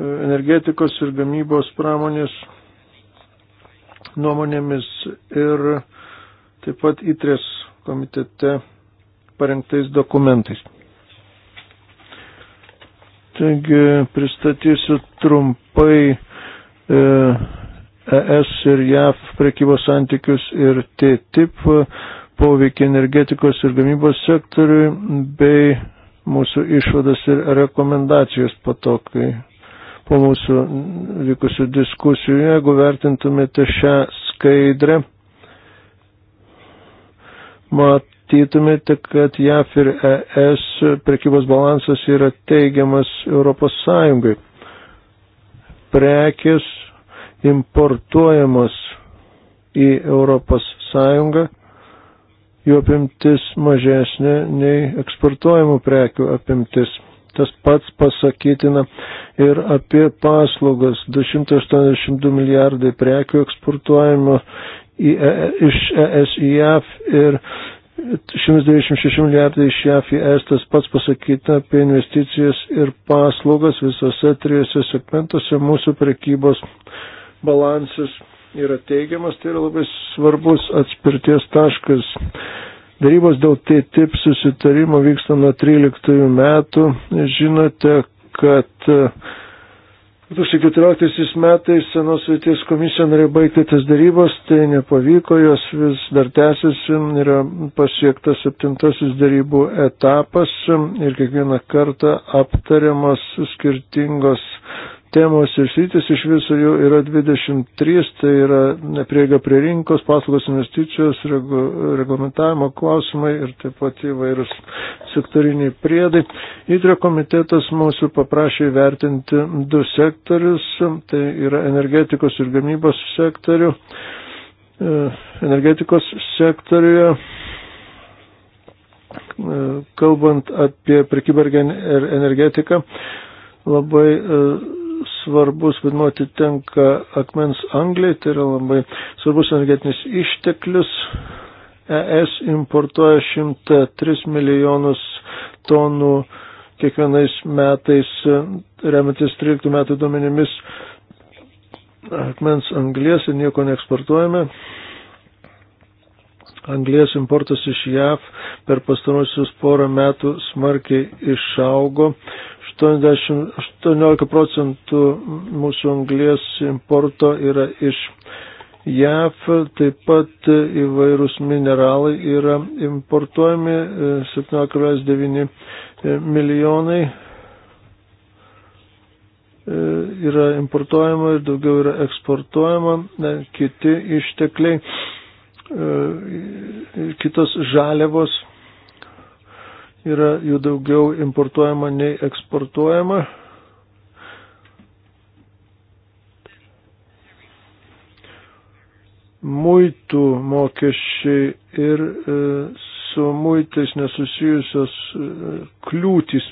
energetikos ir gamybos pramonės nuomonėmis ir taip pat įtrės e komitete parengtais dokumentais. Taigi pristatysiu trumpai e, ES ir JAV prekybos santykius ir TTIP poveikį energetikos ir gamybos sektoriui bei mūsų išvadas ir rekomendacijos po to, kai po mūsų vykusių diskusijų, jeigu vertintumėte šią skaidrę, mat, matytumėte, kad JAF ir ES prekybos balansas yra teigiamas Europos Sąjungai. Prekės importuojamos į Europos Sąjungą, jų apimtis mažesnė nei eksportuojamų prekių apimtis. Tas pats pasakytina ir apie paslaugas. 282 milijardai prekių eksportuojama į, e e- iš ES į JAF ir 196 milijardai iš JAF į ES tas pats pasakyta apie investicijas ir paslaugas visose trijose segmentuose mūsų prekybos balansas yra teigiamas, tai yra labai svarbus atspirties taškas. Darybos dėl TTIP susitarimo vyksta nuo 13 metų. Žinote, kad uh, 2014 metais senos vieties komisija norėjo baigti tas darybos, tai nepavyko, jos vis dar tęsiasi, yra pasiektas septintasis darybų etapas ir kiekvieną kartą aptariamos skirtingos temos ir sritis iš viso jų yra 23, tai yra prieiga prie rinkos, paslaugos investicijos, regu, reglamentavimo klausimai ir taip pat įvairūs sektoriniai priedai. Įtrio komitetas mūsų paprašė įvertinti du sektorius, tai yra energetikos ir gamybos sektorių. E, energetikos sektoriuje e, kalbant apie prekybą ir energetiką, labai e, svarbus vaidmuo atitenka akmens angliai, tai yra labai svarbus energetinis išteklius. ES importuoja 103 milijonus tonų kiekvienais metais, remiantis 13 metų duomenimis, akmens anglies ir nieko neeksportuojame. Anglės importas iš JAV per pastarosius porą metų smarkiai išaugo. 18 procentų mūsų anglės importo yra iš JAV, taip pat įvairūs mineralai yra importuojami 7,9 e, e, milijonai e, yra importuojama ir daugiau yra eksportuojama, kiti ištekliai, kitos žaliavos yra jų daugiau importuojama nei eksportuojama. Muitų mokesčiai ir e, su muitais nesusijusios e, kliūtis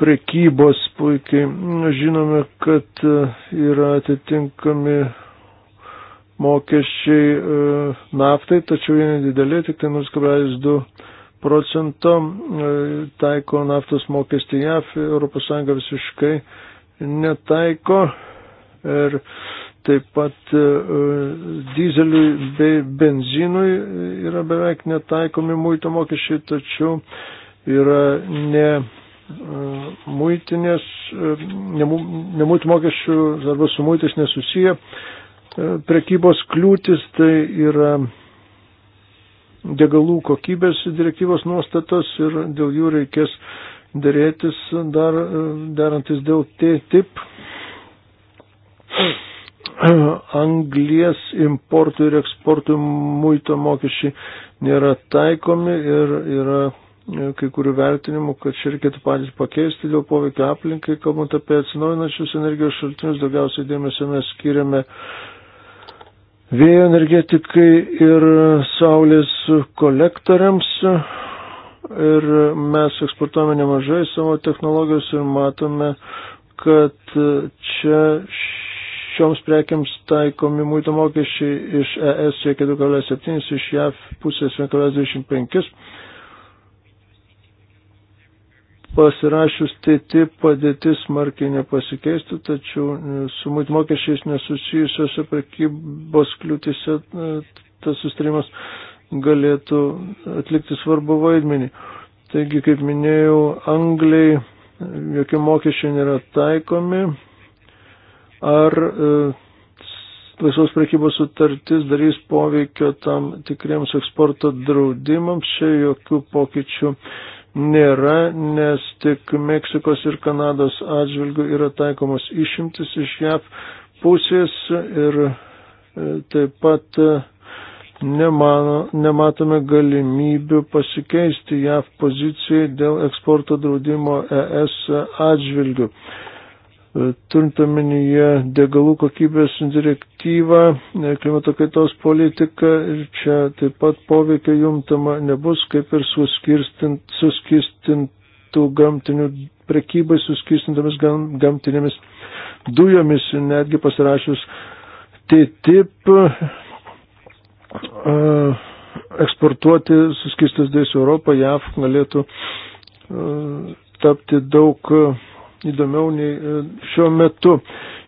prekybos puikiai. Žinome, kad e, yra atitinkami mokesčiai e, naftai, tačiau jie nedideli, tik tai 0,2 procento e, taiko naftos mokestį JAF, ES visiškai netaiko ir taip pat e, e, dizeliui bei benzinui yra beveik netaikomi muito mokesčiai, tačiau yra ne muitinės, nemuitų mokesčių arba su muitais nesusiję prekybos kliūtis, tai yra degalų kokybės direktyvos nuostatos ir dėl jų reikės dėrėtis dar, derantis dėl T-tip anglies importų ir eksportų muito mokesčiai nėra taikomi ir yra e, kai kurių vertinimų, kad čia reikėtų patys pakeisti dėl poveikio aplinkai, kalbant apie atsinaujinančius energijos šaltinius, daugiausiai dėmesio mes skiriame uh, vėjo energetikai ir saulės kolektoriams. Ir mes eksportuojame nemažai savo technologijos ir matome, kad čia šioms prekiams taikomi muito mokesčiai iš ES siekia 2,7, iš JAV pusės 1,25 pasirašius TTIP padėtis smarkiai nepasikeistų, tačiau e, su muit mokesčiais nesusijusiose prekybos kliūtise e, tas sustarimas galėtų atlikti svarbu vaidmenį. Taigi, kaip minėjau, Angliai e, jokie mokesčiai nėra taikomi. Ar e, laisvos prekybos sutartis darys poveikio tam tikriems eksporto draudimams, čia jokių pokyčių nėra, nes tik Meksikos ir Kanados atžvilgių yra taikomos išimtis iš JAV pusės ir e, taip pat e, nemano, nematome galimybių pasikeisti JAV pozicijai dėl eksporto draudimo ES atžvilgių turint omenyje degalų kokybės direktyvą, e, klimato kaitos politiką ir čia taip pat poveikio jumtama nebus, kaip ir suskistintų gamtinių prekybai suskistintomis gam, gamtinėmis dujomis, netgi pasirašius TTIP e, eksportuoti suskistas dujas Europą, JAV galėtų e, tapti daug įdomiau nei e, šiuo metu,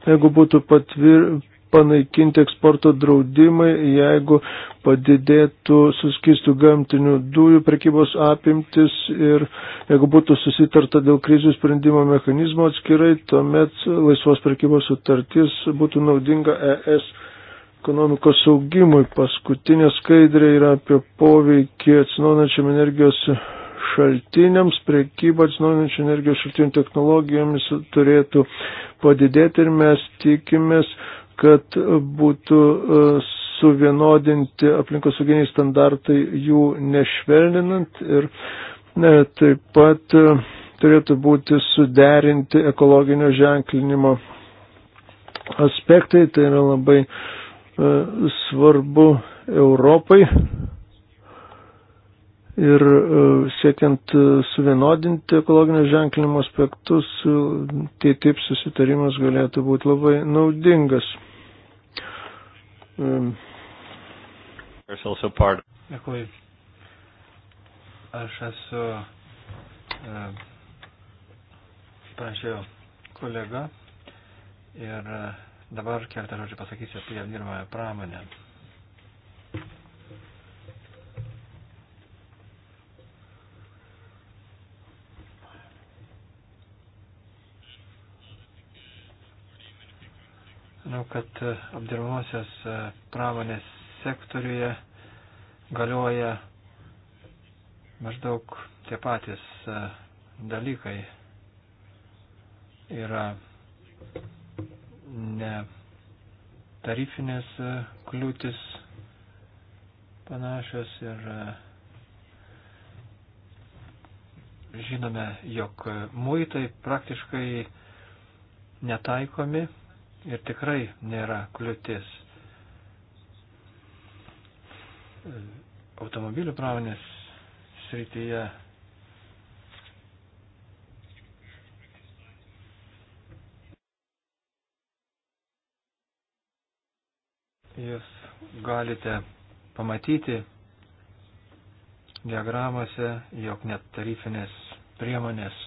jeigu būtų patvir, panaikinti eksporto draudimai, jeigu padidėtų suskistų gamtinių dujų prekybos apimtis ir jeigu būtų susitarta dėl krizių sprendimo mechanizmo atskirai, tuomet laisvos prekybos sutartis būtų naudinga ES ekonomikos saugimui. Paskutinė skaidrė yra apie poveikį atsinaujančiam energijos šaltiniams, prekyba atsinaujinančių energijos šaltinių technologijomis turėtų padidėti ir mes tikimės, kad būtų e, suvienodinti aplinkosauginiai standartai jų nešvelninant ir ne, taip pat e, turėtų būti suderinti ekologinio ženklinimo aspektai, tai yra labai e, svarbu Europai ir e, siekiant e, suvienodinti ekologinio ženklinimo aspektus, e, tai taip susitarimas galėtų būti labai naudingas. Dėkui. Aš esu pranešėjo kolega ir dabar keletą žodžių pasakysiu apie apdirbamąją pramonę. Manau, kad e, apdirbamosios e, pramonės sektoriuje galioja maždaug tie patys e, dalykai. Yra ne tarifinės kliūtis panašios ir žinome, jog muitai praktiškai netaikomi ir tikrai nėra kliūtis. Automobilių pramonės srityje jūs galite pamatyti diagramose, jog net tarifinės priemonės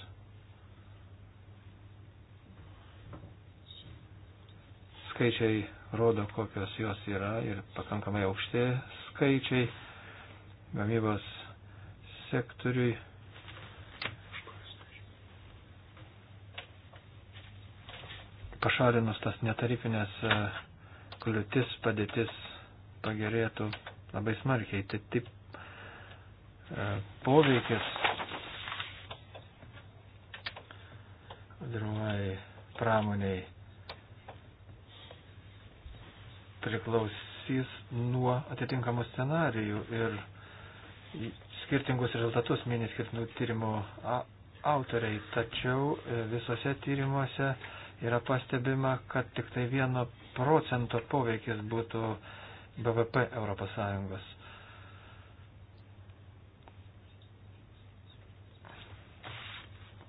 skaičiai rodo, kokios jos yra ir pakankamai aukšti skaičiai gamybos sektoriui. Pašalinus tas netarifinės e, kliūtis padėtis pagerėtų labai smarkiai. Tai taip e, poveikis dirvai pramoniai priklausys nuo atitinkamų scenarijų ir skirtingus rezultatus mini skirtingų tyrimų autoriai. Tačiau e, visose tyrimuose yra pastebima, kad tik tai vieno procento poveikis būtų BVP ES.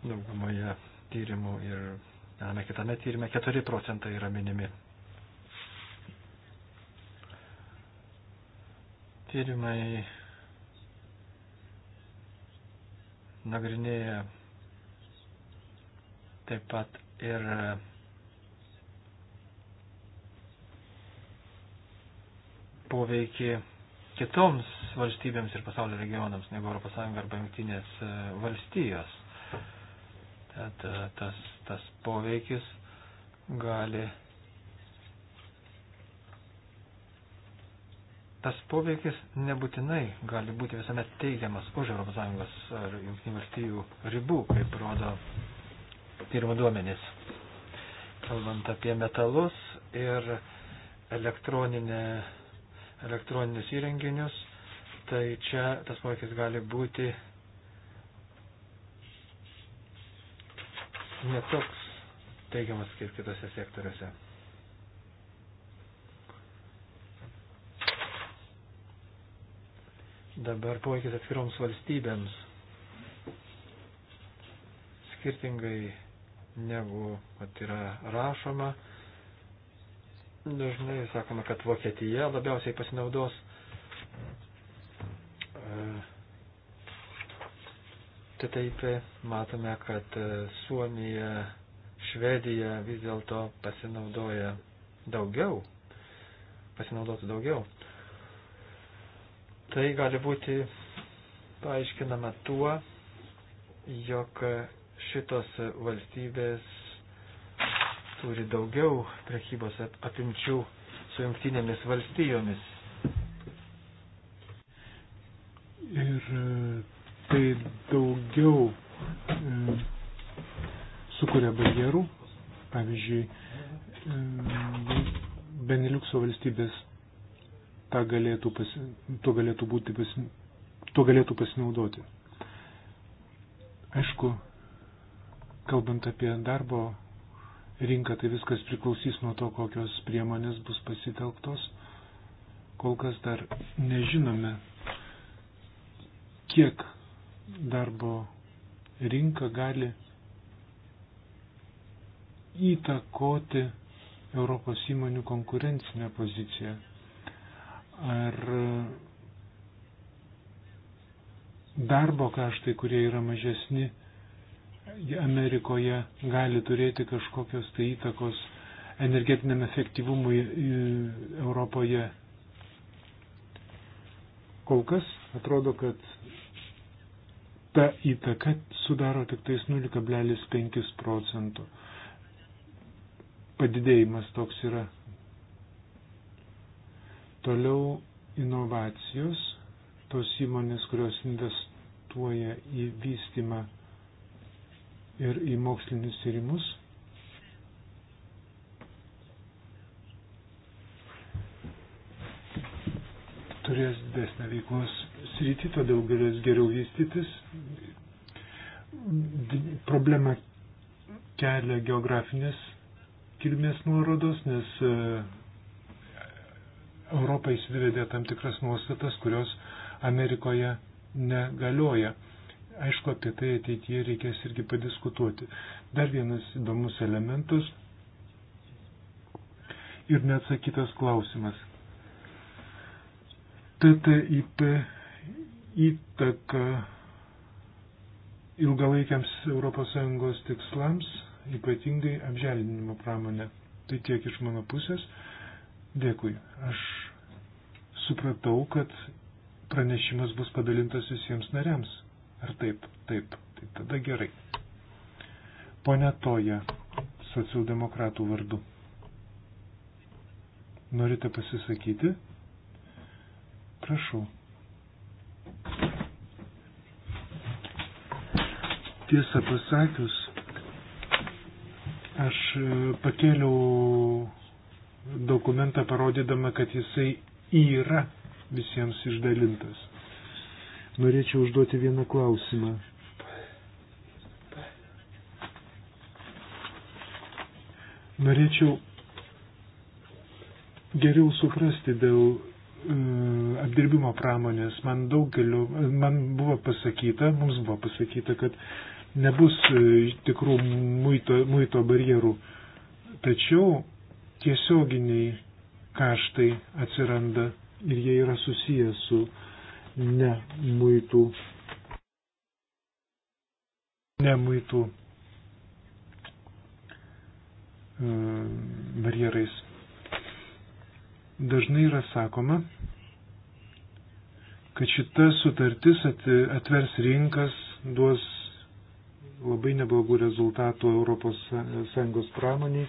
Daugumoje tyrimų ir viename kitame tyrime 4 procentai yra minimi tyrimai nagrinėja taip pat ir poveikį kitoms valstybėms ir pasaulio regionams negu ES arba jungtinės e, valstijos. Tad e, tas, tas poveikis gali tas poveikis nebūtinai gali būti visuomet teigiamas už ES ar JAV ribų, kaip rodo tyrimo duomenys. Kalbant apie metalus ir elektroninius įrenginius, tai čia tas poveikis gali būti netoks teigiamas kaip kitose sektoriuose. dabar poveikis atskiroms valstybėms. Skirtingai negu at yra rašoma, dažnai sakoma, kad Vokietija labiausiai pasinaudos e, TTIP. Matome, kad e, Suomija, Švedija vis dėlto pasinaudoja daugiau, pasinaudotų daugiau. Tai gali būti paaiškinama tuo, jog šitos valstybės turi daugiau prekybos apimčių su jungtinėmis valstijomis. Ir e, tai daugiau e, sukuria barjerų. Pavyzdžiui, e, Beniliukso valstybės tą galėtų, pasi, tuo, galėtų būti pasi, tuo galėtų pasinaudoti. Aišku, kalbant apie darbo rinką, tai viskas priklausys nuo to, kokios priemonės bus pasitelktos. Kol kas dar nežinome, kiek darbo rinka gali įtakoti Europos įmonių konkurencinę poziciją ar e, darbo kaštai, kurie yra mažesni e, Amerikoje, gali turėti kažkokios tai įtakos energetiniam efektyvumui e, Europoje. Kol kas atrodo, kad ta įtaka sudaro tik tais 0,5 procento. Padidėjimas toks yra Toliau inovacijos, tos įmonės, kurios investuoja į vystimą ir į mokslinius tyrimus. turės desnę veiklos sritį, todėl galės geriau vystytis. Problema kelia geografinės kilmės nuorodos, nes Europą įsivedė tam tikras nuostatas, kurios Amerikoje negalioja. Aišku, apie tai ateityje reikės irgi padiskutuoti. Dar vienas įdomus elementus ir neatsakytas klausimas. TTIP įtaka ilgalaikiams ES tikslams, ypatingai apželdinimo pramonė. Tai tiek iš mano pusės. Dėkui. Aš supratau, kad pranešimas bus padalintas visiems nariams. Ar taip? Taip. Tai tada gerai. Pone Toja, socialdemokratų vardu. Norite pasisakyti? Prašau. Tiesą pasakius, aš e, pakėliau dokumentą parodydama, kad jisai yra visiems išdalintas. Norėčiau užduoti vieną klausimą. Norėčiau geriau suprasti dėl e, apdirbimo pramonės. Man daugeliu, man buvo pasakyta, mums buvo pasakyta, kad nebus e, tikrų muito, muito barjerų. Tačiau tiesioginiai kaštai atsiranda ir jie yra susiję su ne muitų, ne muitų e, barjerais. Dažnai yra sakoma, kad šita sutartis atvers rinkas, duos labai neblogų rezultatų ES pramoniai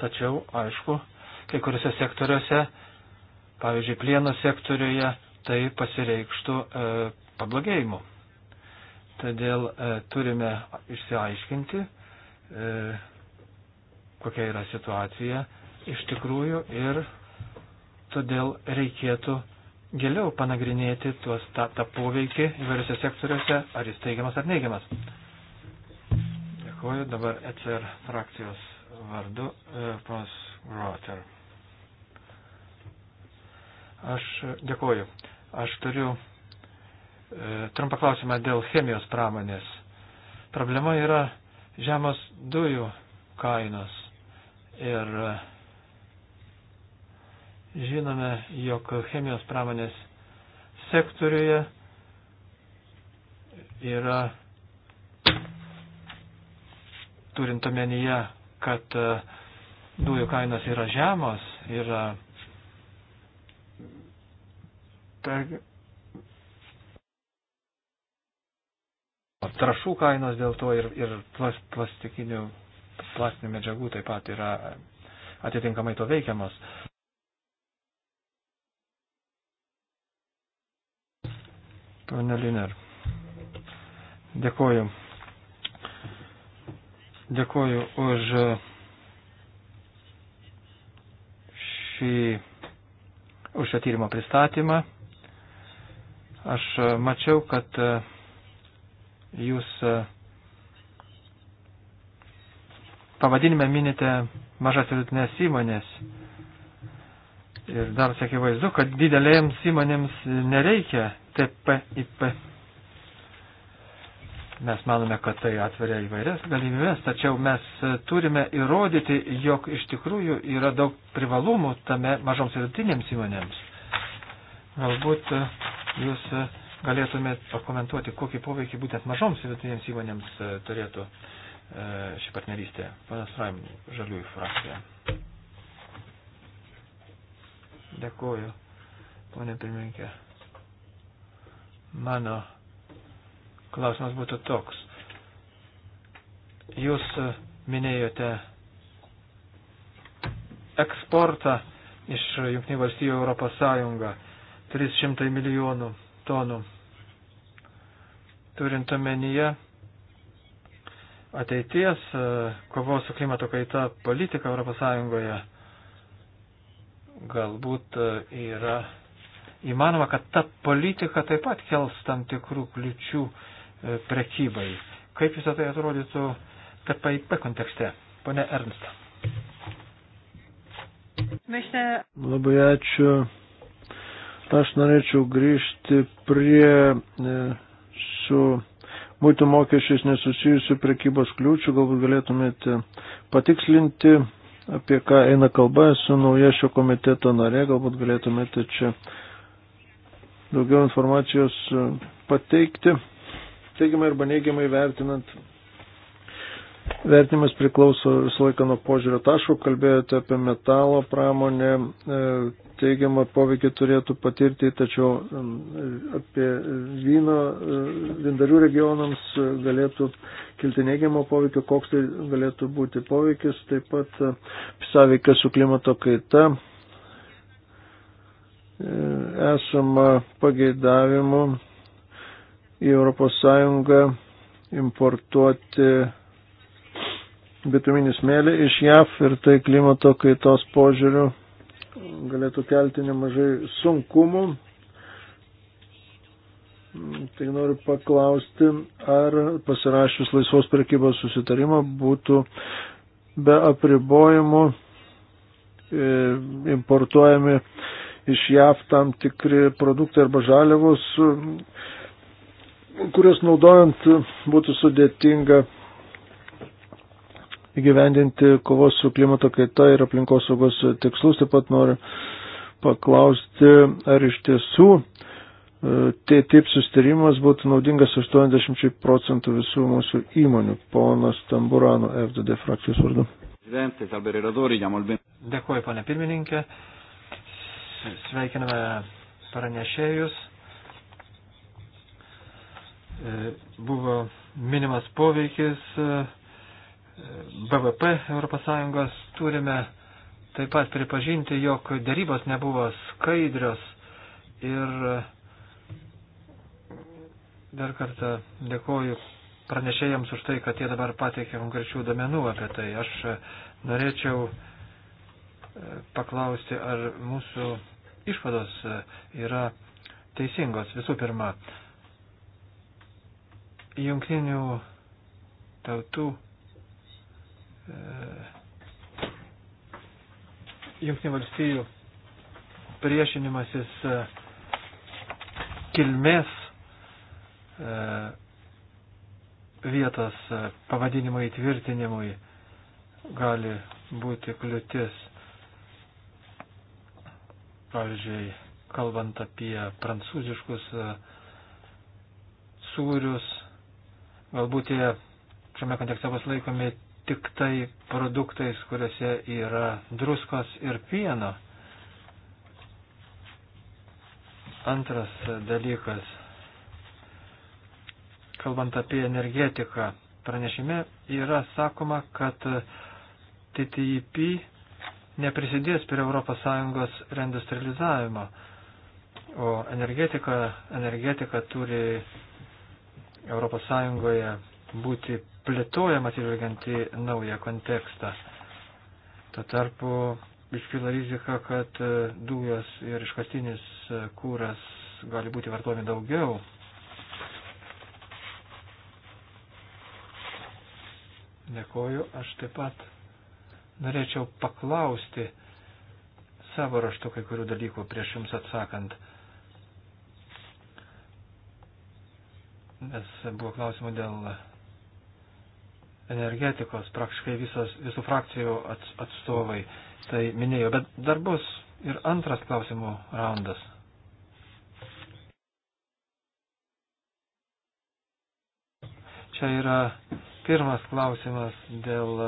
tačiau, aišku, kai kuriuose sektoriuose, pavyzdžiui, plieno sektoriuje, tai pasireikštų e, pablogėjimu. Todėl e, turime išsiaiškinti, e, kokia yra situacija iš tikrųjų ir todėl reikėtų giliau panagrinėti tuos tą, tą poveikį įvairiose sektoriuose, ar jis teigiamas ar neigiamas. Dėkuoju dabar ECR frakcijos vardu e, pas Groter. Aš e, dėkoju. Aš turiu e, trumpą klausimą dėl chemijos pramonės. Problema yra žemos dujų kainos. Ir e, žinome, jog chemijos pramonės sektoriuje yra turint omenyje kad e, dujų kainos yra žemos, yra trašų kainos dėl to ir, ir plastikinių, plastinių medžiagų taip pat yra atitinkamai to veikiamos. Pane Liner, dėkoju. Dėkuoju už šį, už šio tyrimo pristatymą. Aš mačiau, kad jūs pavadinime minite mažas vidutinės įmonės. Ir dar sakivaizdu, kad didelėms įmonėms nereikia TPIP Mes manome, kad tai atveria įvairias galimybės, tačiau mes e, turime įrodyti, jog iš tikrųjų yra daug privalumų tame mažoms ir vidutinėms įmonėms. Galbūt e, jūs e, galėtumėt pakomentuoti, kokį poveikį būtent mažoms ir vidutinėms įmonėms turėtų ši partnerystė. Panas Raim, žaliųjų frakcija. Dėkuoju, ponė pirmininkė. Mano klausimas būtų toks. Jūs e, minėjote eksportą iš Junktinių valstybių Europos Sąjungą 300 milijonų tonų. Turint omenyje ateities e, kovos su klimato kaita politika Europos Sąjungoje, galbūt e, yra įmanoma, kad ta politika taip pat kels tam tikrų kliučių uh, E, prekybai. Kaip visą tai atrodytų TPIP kontekste? Pone Ernsta. Labai ačiū. Aš norėčiau grįžti prie e, su būtų mokesčiais nesusijusių prekybos kliūčių. Galbūt galėtumėte patikslinti, apie ką eina kalba. Esu nauja šio komiteto narė. Galbūt galėtumėte čia daugiau informacijos e, pateikti teigiamai arba neigiamai vertinant. Vertinimas priklauso visą laiką nuo požiūrio taško, kalbėjote apie metalo pramonę, e, teigiamą poveikį turėtų patirti, tačiau apie vyno, e, vindarių regionams galėtų kilti neigiamo poveikio, koks tai galėtų būti poveikis, taip pat e, sąveika su klimato kaita, esama pageidavimu į ES importuoti bituminį smėlį iš JAV ir tai klimato kaitos požiūrių galėtų kelti nemažai sunkumų. Tai noriu paklausti, ar pasirašius laisvos prekybos susitarimą būtų be apribojimų e, importuojami iš JAV tam tikri produktai arba žaliavos, kurios naudojant būtų sudėtinga įgyvendinti kovos su klimato kaita ir aplinkosaugos tikslus. Taip pat noriu paklausti, ar iš tiesų e, TTIP sustarimas būtų naudingas 80 procentų visų mūsų įmonių. Ponas Tamburano, FDD frakcijos vardu. Dėkuoju, ponė pirmininkė. Sveikiname pranešėjus. E, buvo minimas poveikis e, BVP ES. Turime taip pat pripažinti, jog dėrybos nebuvo skaidrios ir e, dar kartą dėkoju pranešėjams už tai, kad jie dabar pateikė konkrečių domenų apie tai. Aš norėčiau paklausti, ar mūsų išvados yra teisingos. Visų pirma, Jungtinių tautų, e, Jungtinių valstybių priešinimasis e, kilmės e, vietos pavadinimo įtvirtinimui gali būti kliūtis. Pavyzdžiui, kalbant apie prancūziškus sūrius, Galbūt jie šiame kontekste bus laikomi tik tai produktais, kuriuose yra druskos ir pieno. Antras dalykas, kalbant apie energetiką, pranešime yra sakoma, kad TTIP neprisidės prie ES reindustrializavimo, o energetika, energetika turi ES būti plėtojama atsižvelgiant į naują kontekstą. Tuo tarpu iškyla rizika, kad e, dujos ir iškastinis e, kūras gali būti vartojami daugiau. Dėkoju, aš taip pat norėčiau paklausti savo raštu kai kurių dalykų prieš jums atsakant. nes buvo klausimų dėl energetikos, praktiškai visos, visų frakcijų ats, atstovai tai minėjo, bet dar bus ir antras klausimų raundas. Čia yra pirmas klausimas dėl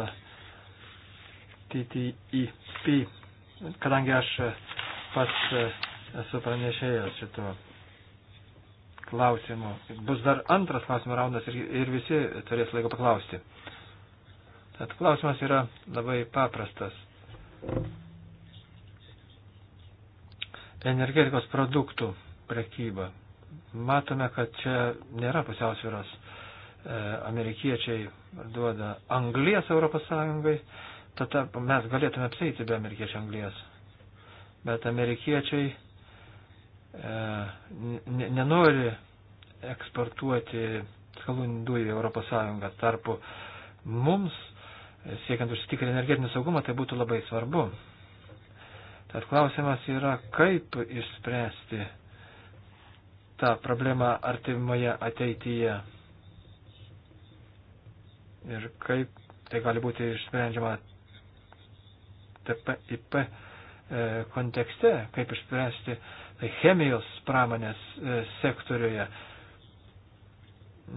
TTIP, e kadangi aš pats esu pranešėjęs šituo klausimų. Bus dar antras klausimų raundas ir, ir visi turės laiko paklausti. Tad klausimas yra labai paprastas. Energetikos produktų prekyba. Matome, kad čia nėra pusiausvėros. E, amerikiečiai duoda anglies Europos Sąjungai, tada mes galėtume apsėti be amerikiečių anglies. Bet amerikiečiai E, nenori eksportuoti skalūnį dujų į Europos Sąjungą. Tarpu mums, e, siekiant užsitikrinti energetinį saugumą, tai būtų labai svarbu. Tad klausimas yra, kaip išspręsti tą problemą artimoje ateityje ir kaip tai gali būti išsprendžiama TPIP e, kontekste, kaip išspręsti chemijos pramonės e, sektoriuje,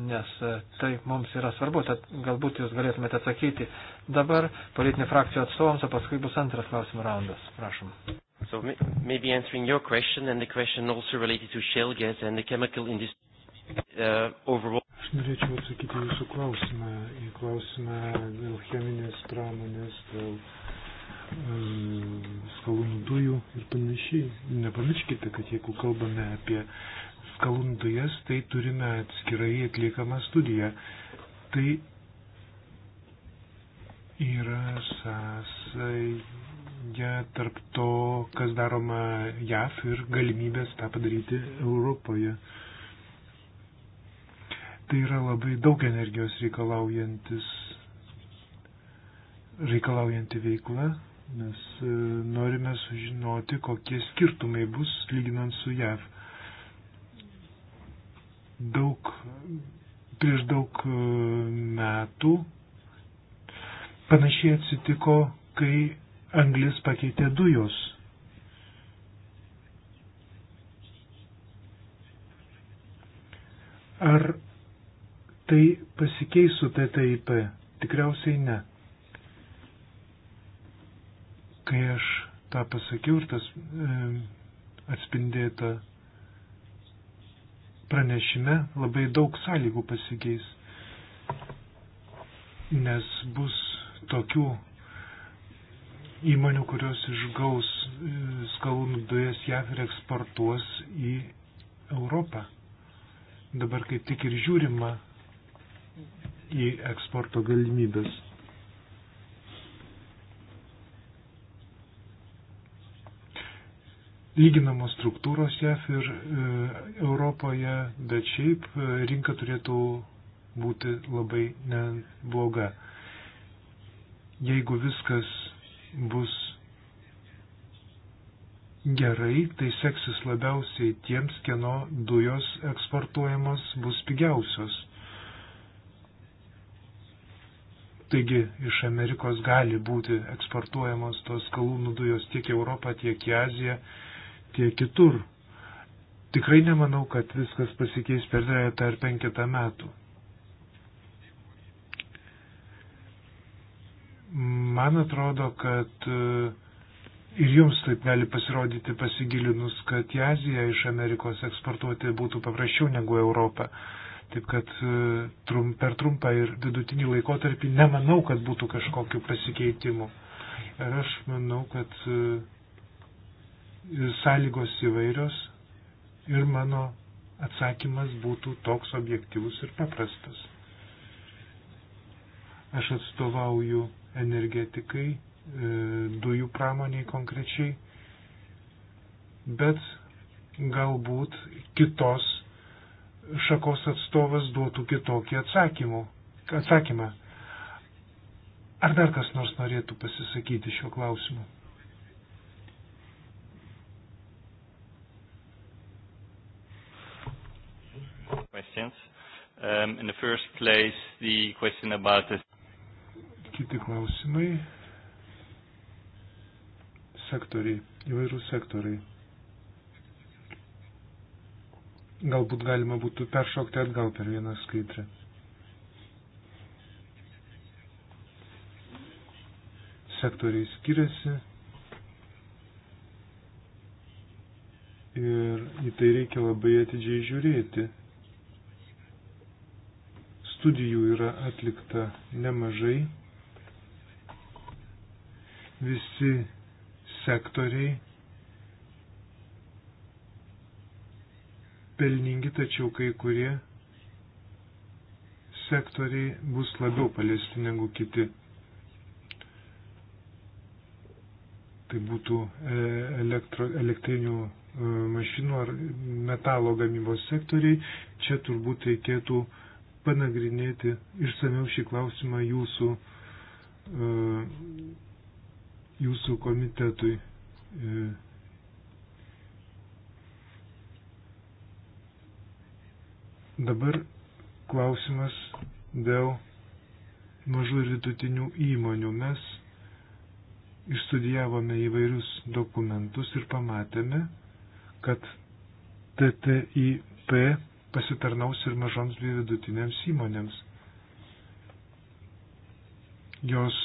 nes e, tai mums yra svarbu, tad galbūt jūs galėtumėte atsakyti dabar politinių frakcijų atstovams, o paskui bus antras klausimų raundas. Prašom. So maybe answering your question and the question also related to shale gas and the chemical industry uh, overall. Aš norėčiau atsakyti jūsų klausimą, į klausimą dėl cheminės pramonės, dėl uh, E, skalūnų dujų ir panašiai. Nepamirškite, kad jeigu kalbame apie skalūnų dujas, tai turime atskirai atliekamą studiją. Tai yra sąsaja tarp to, kas daroma JAF ir galimybės tą padaryti Europoje. Tai yra labai daug energijos reikalaujantis reikalaujanti veikla, nes e, norime sužinoti, kokie skirtumai bus lyginant su JAV. Daug, prieš daug e, metų panašiai atsitiko, kai anglis pakeitė dujos. Ar tai pasikeis su TTIP? Tikriausiai ne. Kai aš tą pasakiau ir tas e, atspindėta pranešime, labai daug sąlygų pasikeis, nes bus tokių įmonių, kurios išgaus e, skalūnų dujas JAV ir eksportuos į Europą. Dabar kaip tik ir žiūrima į eksporto galimybės. lyginamos struktūros JAF ir e, Europoje, bet šiaip e, rinka turėtų būti labai nebloga. Jeigu viskas bus gerai, tai seksis labiausiai tiems, kieno dujos eksportuojamos bus pigiausios. Taigi iš Amerikos gali būti eksportuojamos tos kalūnų dujos tiek į Europą, tiek į Aziją tiek kitur. Tikrai nemanau, kad viskas pasikeis per trejata ar penketą metų. Man atrodo, kad e, ir jums taip gali pasirodyti pasigilinus, kad į Aziją iš Amerikos eksportuoti būtų paprasčiau negu Europą. Taip kad e, trum, per trumpą ir vidutinį laikotarpį nemanau, kad būtų kažkokiu pasikeitimu. Ir aš manau, kad e, sąlygos įvairios ir mano atsakymas būtų toks objektyvus ir paprastas. Aš atstovauju energetikai, e, dujų pramoniai konkrečiai, bet galbūt kitos šakos atstovas duotų kitokį atsakymą. atsakymą. Ar dar kas nors norėtų pasisakyti šiuo klausimu? questions. Um, in the first place, the question about the Kiti klausimai. Sektoriai, įvairių sektoriai. Galbūt galima būtų peršokti atgal per vieną skaitrę. Sektoriai skiriasi ir į tai reikia labai atidžiai žiūrėti studijų yra atlikta nemažai. Visi sektoriai pelningi, tačiau kai kurie sektoriai bus labiau paliesti negu kiti. Tai būtų e, elektro, elektrinių e, mašinų ar metalo gamybos sektoriai. Čia turbūt reikėtų uh, panagrinėti išsameu šį klausimą jūsų, e, jūsų komitetui. E, dabar klausimas dėl mažų ir vidutinių įmonių. Mes išstudijavome įvairius dokumentus ir pamatėme, kad TTIP pasitarnaus ir mažoms bei vidutinėms įmonėms. Jos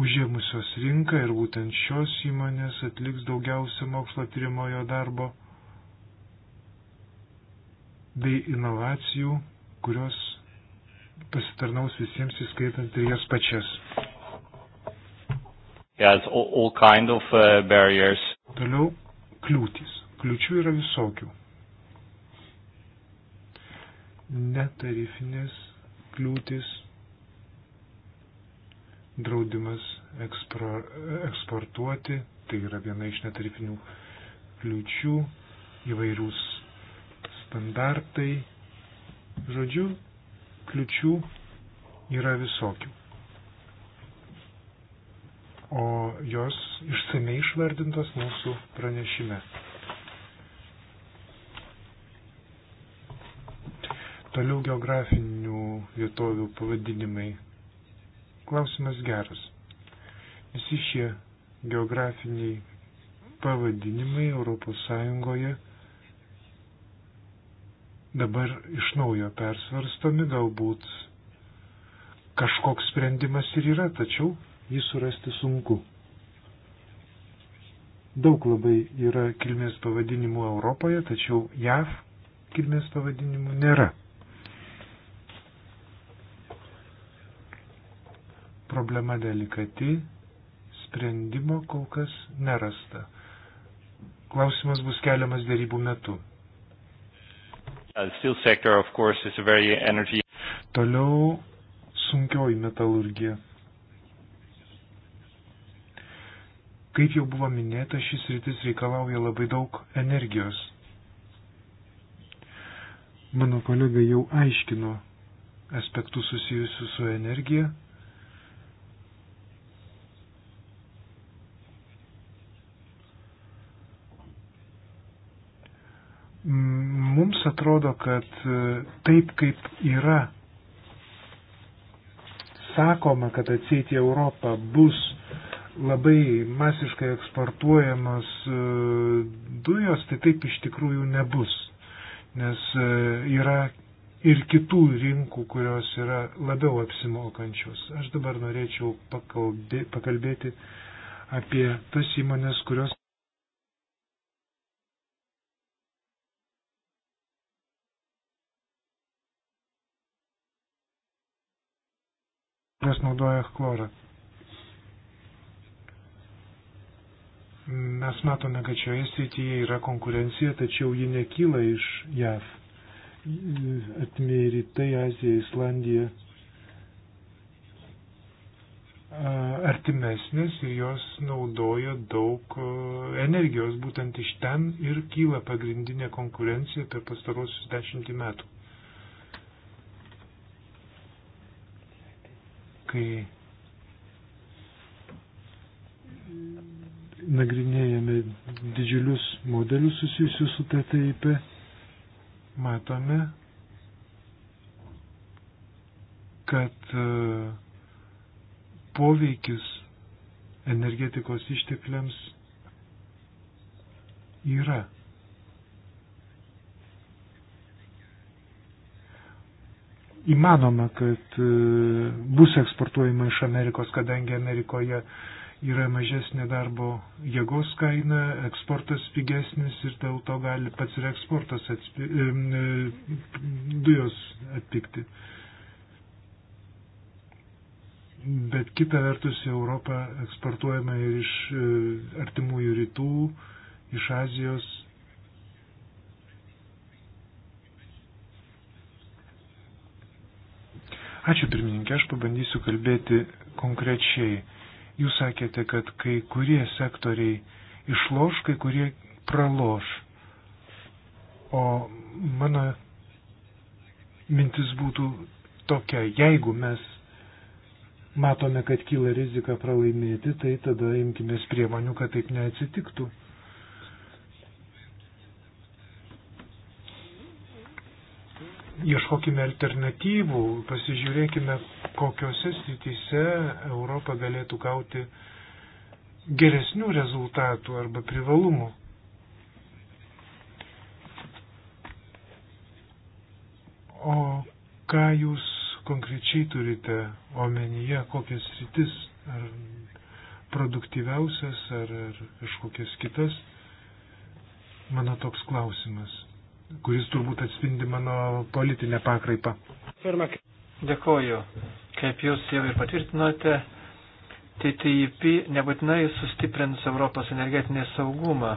užėmusios rinką ir būtent šios įmonės atliks daugiausia mokslo tyrimojo darbo bei inovacijų, kurios pasitarnaus visiems įskaitant ir jas pačias. Yes, all, all kind of, uh, barriers. Toliau kliūtis. Kliučių yra visokių. Netarifinės kliūtis, draudimas ekspro, eksportuoti, tai yra viena iš netarifinių kliučių, įvairūs standartai. Žodžiu, kliučių yra visokių. O jos išsamei išvardintos mūsų pranešime. Toliau geografinių vietovių pavadinimai. Klausimas geras. Visi šie geografiniai pavadinimai ES dabar iš naujo persvarstomi, galbūt kažkoks sprendimas ir yra, tačiau jį surasti sunku. Daug labai yra kilmės pavadinimų Europoje, tačiau JAV kilmės pavadinimų nėra. Problema delikati, sprendimo kol kas nerasta. Klausimas bus keliamas dėrybų metu. Uh, sector, course, energy... Toliau sunkioji metalurgija. Kaip jau buvo minėta, šis rytis reikalauja labai daug energijos. Mano kolega jau aiškino aspektus susijusius su energija, Mums atrodo, kad e, taip kaip yra sakoma, kad atseit į Europą bus labai masiškai eksportuojamos e, dujos, tai taip iš tikrųjų nebus, nes e, yra ir kitų rinkų, kurios yra labiau apsimokančios. Aš dabar norėčiau pakalbėti apie tas įmonės, kurios nes naudoja chlorą. Mes matome, kad šioje srityje yra konkurencija, tačiau ji nekyla iš JAV. Atmėjai rytai Azija, Islandija artimesnės ir jos naudoja daug energijos, būtent iš ten ir kyla pagrindinė konkurencija per pastarosius dešimtį metų. kai nagrinėjame didžiulius modelius susijusius su TTIP, matome, kad e, poveikis energetikos ištekliams yra įmanoma, kad e, bus eksportuojama iš Amerikos, kadangi Amerikoje yra mažesnė darbo jėgos kaina, eksportas pigesnis ir dėl to gali pats ir eksportas atspi, e, e, dujos atpikti. Bet kita vertus į Europą eksportuojama ir iš artimųjų rytų, iš Azijos Ačiū pirmininkė, aš pabandysiu kalbėti konkrečiai. Jūs sakėte, kad kai kurie sektoriai išloš, kai kurie praloš. O mano mintis būtų tokia, jeigu mes matome, kad kyla rizika pralaimėti, tai tada imkime priemonių, kad taip neatsitiktų. ieškokime alternatyvų, pasižiūrėkime, kokiuose srityse Europa galėtų gauti geresnių rezultatų arba privalumų. O ką jūs konkrečiai turite omenyje, kokias sritis, ar produktyviausias, ar, ar kažkokias kitas, mano toks klausimas kuris turbūt atspindi mano politinę pakraipą. Pirmą, dėkoju. Kaip jūs jau ir patvirtinote, TTIP nebūtinai sustiprins Europos energetinį saugumą.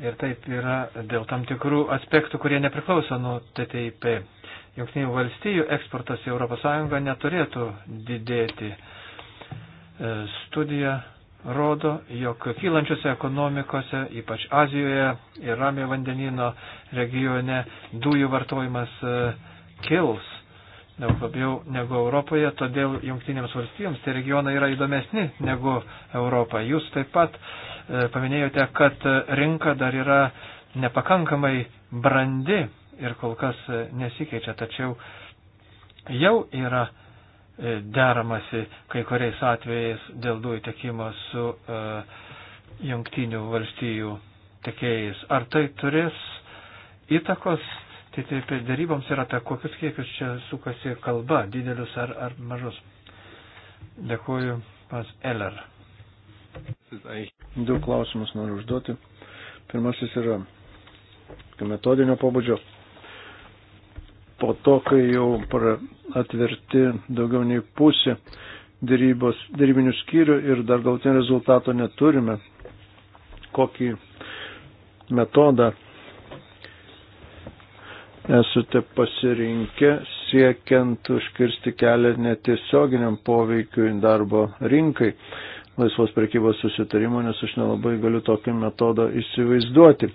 Ir taip yra dėl tam tikrų aspektų, kurie nepriklauso nuo TTIP. Junktinių valstijų eksportas į ES neturėtų didėti. E, studija rodo, jog kylančiose ekonomikose, ypač Azijoje ir Ramio vandenino regione, dujų vartojimas e, kils daug labiau negu Europoje, todėl jungtinėms valstijoms tie regionai yra įdomesni negu Europa. Jūs taip pat e, paminėjote, kad rinka dar yra nepakankamai brandi ir kol kas e, nesikeičia, tačiau jau yra E, deramasi kai kuriais atvejais dėl dujų tiekimo su uh, jungtinių valstijų tiekėjais. Ar tai turės įtakos TTIP tai tai daryboms ir apie kokius kiekius čia sukasi kalba, didelius ar, ar mažus? Dėkuoju, pas Eller. Du klausimus noriu užduoti. Pirmasis yra metodinio pobūdžio po to, kai jau atverti daugiau nei pusė dėrybos, dėrybinių skyrių ir dar galtinio rezultato neturime. Kokį metodą esate pasirinkę siekiant užkirsti kelią netiesioginiam poveikiui darbo rinkai laisvos prekybos susitarimo, nes aš nelabai galiu tokį metodą įsivaizduoti.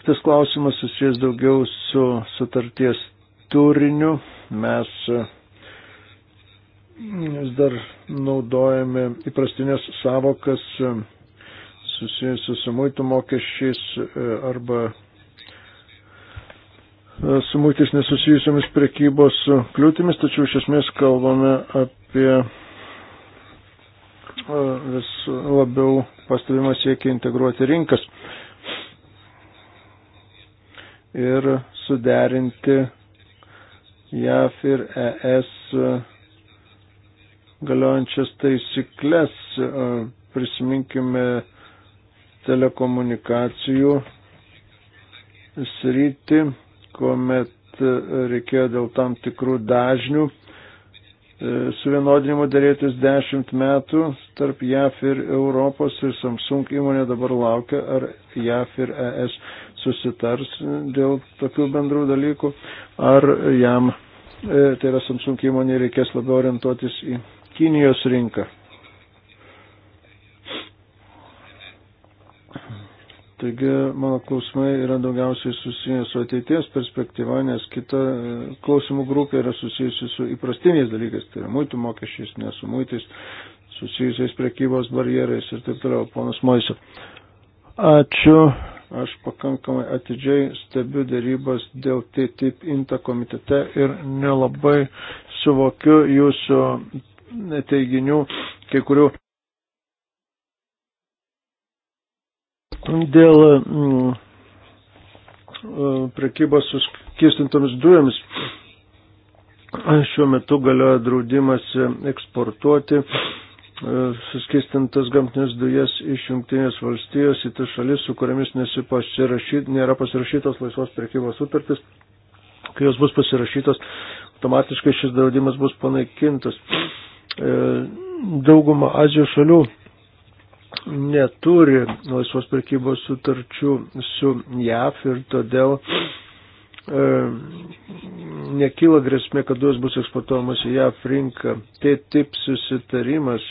Kitas klausimas susijęs daugiau su sutarties turiniu. Mes e, vis dar naudojame įprastinės savokas e, susijusius su muitų mokesčiais e, arba su muitis nesusijusiamis prekybos kliūtimis, tačiau iš esmės kalbame apie vis labiau pastebimą siekį integruoti rinkas ir suderinti JAF ir ES galiojančias taisyklės. Prisiminkime telekomunikacijų sritį, kuomet reikėjo dėl tam tikrų dažnių e, suvienodinimo dėrėtis 10 metų tarp JAF ir Europos ir Samsung įmonė dabar laukia, ar JAF ir ES susitars dėl tokių bendrų dalykų, ar jam, e, tai yra Samsung įmonė, reikės labiau orientuotis į Kinijos rinką. Taigi mano klausimai yra daugiausiai susijęs su ateities perspektyva, nes kita e, klausimų grupė yra susijusi su įprastiniais dalykais, tai yra muitų mokesčiais, nesu muitais, susijusiais prekybos barjerais ir taip toliau, ponas Moisė. Ačiū. Aš pakankamai atidžiai stebiu dėrybas dėl TTIP INTA komitete ir nelabai suvokiu jūsų teiginių, kai kurių dėl mm, prekybos suskistintomis dujomis. Šiuo metu galioja draudimas eksportuoti E, suskistintas gamtinės dujas iš jungtinės valstijos į tas šalis, su kuriamis pasirašyt, nėra pasirašytos laisvos prekybos sutartis. Kai jos bus pasirašytos, automatiškai šis draudimas bus panaikintas. E, dauguma Azijos šalių neturi laisvos prekybos sutarčių su JAF ir todėl E, nekyla grėsmė, kad duos bus eksportuojamas į JAF rinką. TTIP susitarimas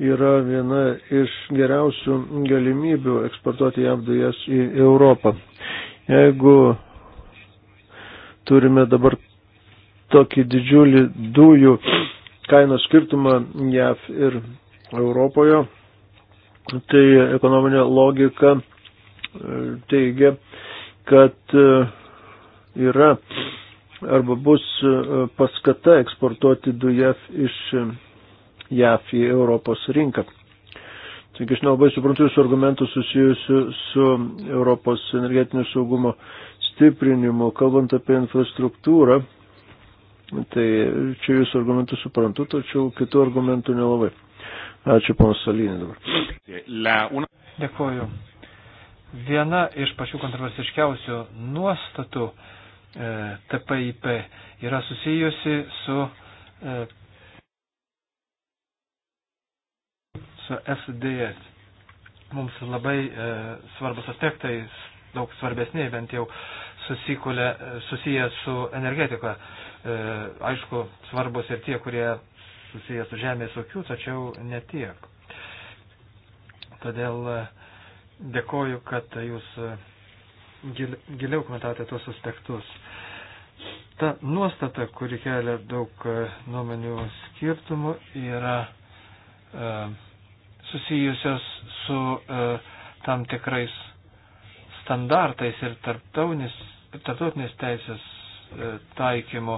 yra viena iš geriausių galimybių eksportuoti JAF dujas į Europą. Jeigu turime dabar tokį didžiulį dujų kainos skirtumą JAF ir Europoje, tai ekonominė logika e, teigia, kad e, yra arba bus e, paskata eksportuoti dujas iš e, JAF į Europos rinką. Taigi aš nelabai suprantu jūsų argumentų susijusių su Europos energetinio saugumo stiprinimu. Kalbant apie infrastruktūrą, tai čia jūsų argumentų suprantu, tačiau kitų argumentų nelabai. Ačiū, ponas Salinė dabar. Dėkuoju. Viena iš pačių kontroversiškiausių nuostatų e, TPIP yra susijusi su, e, su SDS. Mums labai e, svarbus aspektai, daug svarbesnė bent jau susikulė, e, susiję su energetika. E, aišku, svarbus ir tie, kurie susiję su žemės ūkiu, tačiau ne tiek. Todėl e, Dėkoju, kad jūs e, giliau komentavote tuos aspektus. Ta nuostata, kuri kelia daug e, nuomonių skirtumų, yra e, susijusios su e, tam tikrais standartais ir tarptautinės teisės e, taikymo.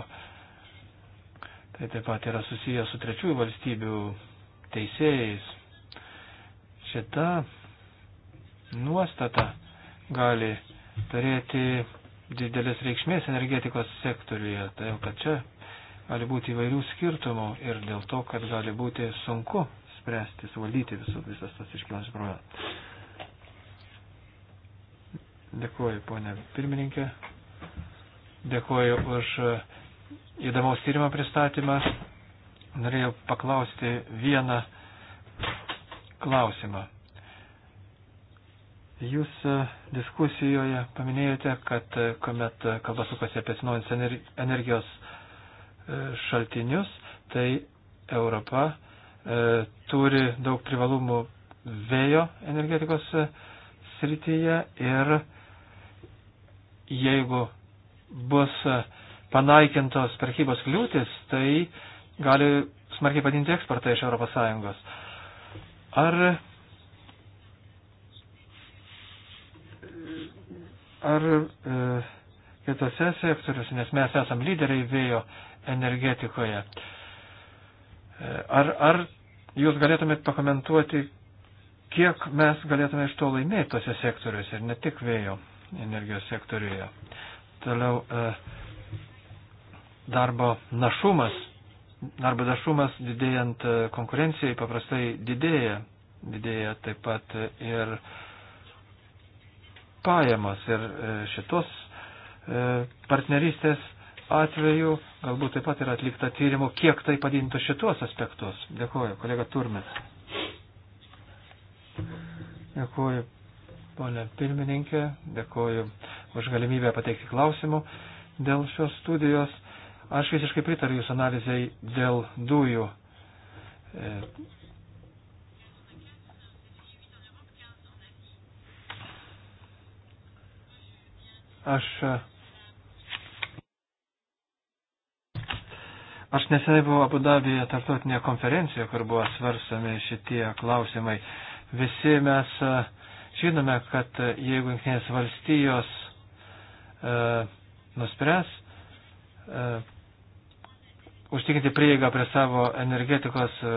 Tai taip pat yra susijęs su trečiųjų valstybių teisėjais. Šita nuostata gali turėti didelės reikšmės energetikos sektoriuje, tai kad čia gali būti įvairių skirtumų ir dėl to, kad gali būti sunku spręsti, suvaldyti visus, visas tas iškilančias problemas. Dėkuoju, ponė pirmininkė. Dėkuoju už įdomaus tyrimo pristatymą. Norėjau paklausti vieną klausimą. Jūs e, diskusijoje paminėjote, kad e, kuomet e, kalba sukasi apie atsinaujinančius energijos šaltinius, tai Europa e, turi daug privalumų vėjo energetikos srityje ir jeigu bus panaikintos prekybos kliūtis, tai gali smarkiai padinti eksportą iš ES. Ar ar e, kitose sektoriuose, nes mes esam lyderiai vėjo energetikoje. E, ar, ar jūs galėtumėt pakomentuoti, kiek mes galėtume iš to laimėti tose sektoriuose ir ne tik vėjo energijos sektoriuje. Toliau e, darbo našumas. Darbo našumas didėjant e, konkurencijai paprastai didėja. Didėja taip pat e, ir e, pajamos ir e, šitos e, partnerystės atveju galbūt taip pat yra atlikta tyrimų, kiek tai padintų šitos aspektus. Dėkuoju, kolega Turmes. Dėkuoju, ponė pirmininkė, dėkuoju už galimybę pateikti klausimų dėl šios studijos. Aš visiškai pritariu jūsų analizai dėl dujų. E, Aš, e, aš neseniai buvau Abu Dabėje tarptautinėje konferencijoje, kur buvo svarstami šitie klausimai. Visi mes e, žinome, kad jeigu Junktinės valstijos e, nuspręs e, užtikrinti prieigą prie savo energetikos e,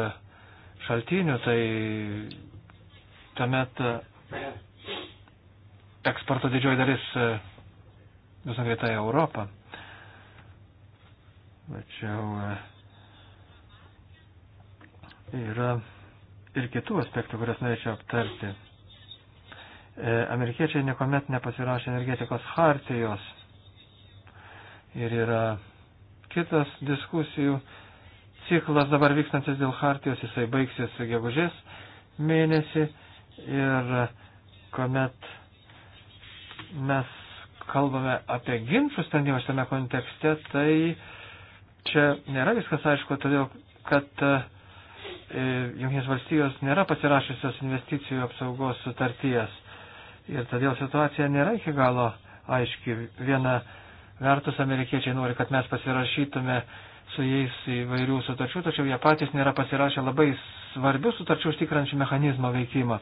šaltinių, tai tuomet eksporto didžioji dalis visą greitą Europą. Tačiau e, yra ir kitų aspektų, kurias norėčiau aptarti. E, amerikiečiai niekuomet nepasirašė energetikos hartijos ir yra kitas diskusijų ciklas dabar vykstantis dėl hartijos, jisai baigsis gegužės mėnesį ir kuomet mes kalbame apie ginčių sprendimą šiame kontekste, tai čia nėra viskas aišku, todėl kad e, Junkinės valstijos nėra pasirašysios investicijų apsaugos sutarties. Ir todėl situacija nėra iki galo aiški. Viena vertus amerikiečiai nori, kad mes pasirašytume su jais įvairių sutarčių, tačiau jie patys nėra pasirašę labai svarbių sutarčių užtikrančių mechanizmo veikimą.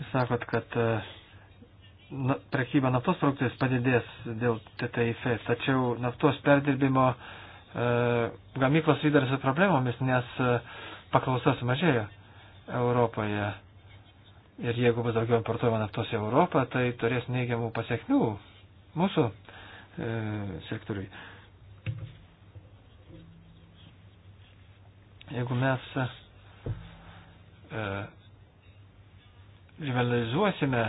Jūs sakot, kad uh, na, prekyba naftos produktais padidės dėl TTIP, tačiau naftos perdirbimo e, gamyklos vydarė su problemomis, nes e, paklausa sumažėjo Europoje. Ir jeigu bus daugiau importuojama naftos į Europą, tai turės neigiamų pasiekmių mūsų e, sektoriui. Jeigu mes e, e rivalizuosime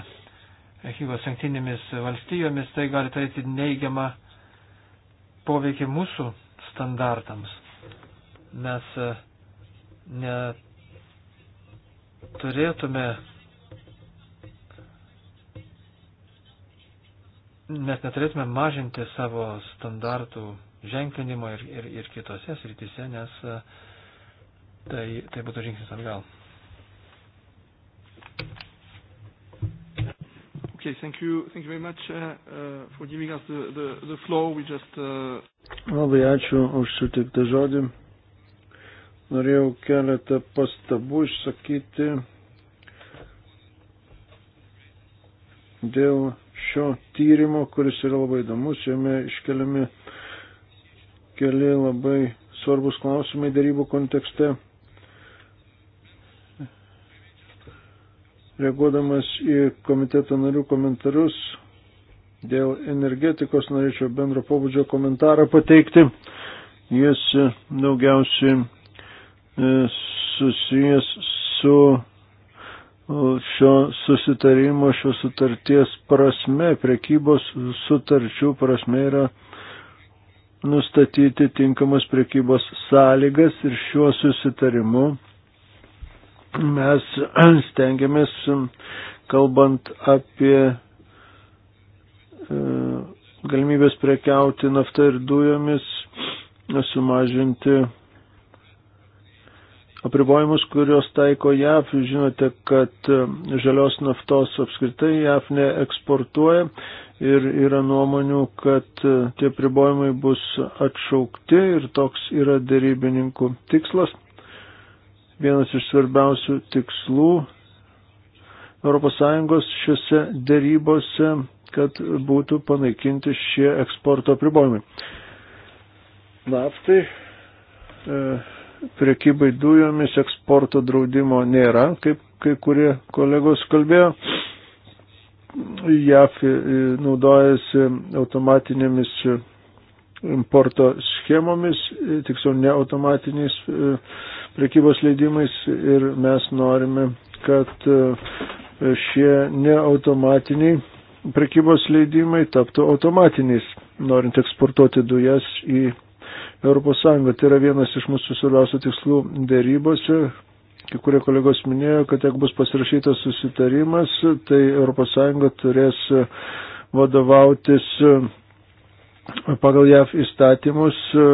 Hygos jungtinėmis valstijomis, tai gali turėti neigiamą poveikį mūsų standartams. Mes e, neturėtume, mes neturėtume mažinti savo standartų ženklinimo ir, ir, ir kitose srityse, nes e, tai, tai būtų žingsnis atgal. Okay, thank you. Thank you very much uh, uh, for giving us the, the, the floor. We just. Uh, labai ačiū už sutiktą žodį. Norėjau keletą pastabų išsakyti dėl šio tyrimo, kuris yra labai įdomus. Jame iškeliami keli labai svarbus klausimai darybų kontekste. Reaguodamas į komiteto narių komentarus dėl energetikos, norėčiau bendro pobūdžio komentarą pateikti. Jis daugiausiai e, susijęs su šio susitarimo, šio sutarties prasme, prekybos sutarčių prasme yra nustatyti tinkamas prekybos sąlygas ir šiuo susitarimu mes stengiamės, kalbant apie e, galimybės prekiauti naftą ir dujomis, sumažinti apribojimus, kurios taiko JAF. Žinote, kad e, žalios naftos apskritai JAF neeksportuoja ir yra nuomonių, kad e, tie apribojimai bus atšaukti ir toks yra dėrybininkų tikslas vienas iš svarbiausių tikslų ES šiuose dėrybose, kad būtų panaikinti šie eksporto apribojimai. Naftai, e, priekybai dujomis eksporto draudimo nėra, kaip kai kurie kolegos kalbėjo. JAF e, naudojasi automatinėmis importo schemomis, tiksliau ne automatiniais e, prekybos leidimais ir mes norime, kad e, šie neautomatiniai prekybos leidimai taptų automatiniais, norint eksportuoti dujas į ES. Tai yra vienas iš mūsų svarbiausių tikslų dėrybose. Kai kurie kolegos minėjo, kad jeigu bus pasirašytas susitarimas, tai ES turės e, vadovautis pagal JAV įstatymus e,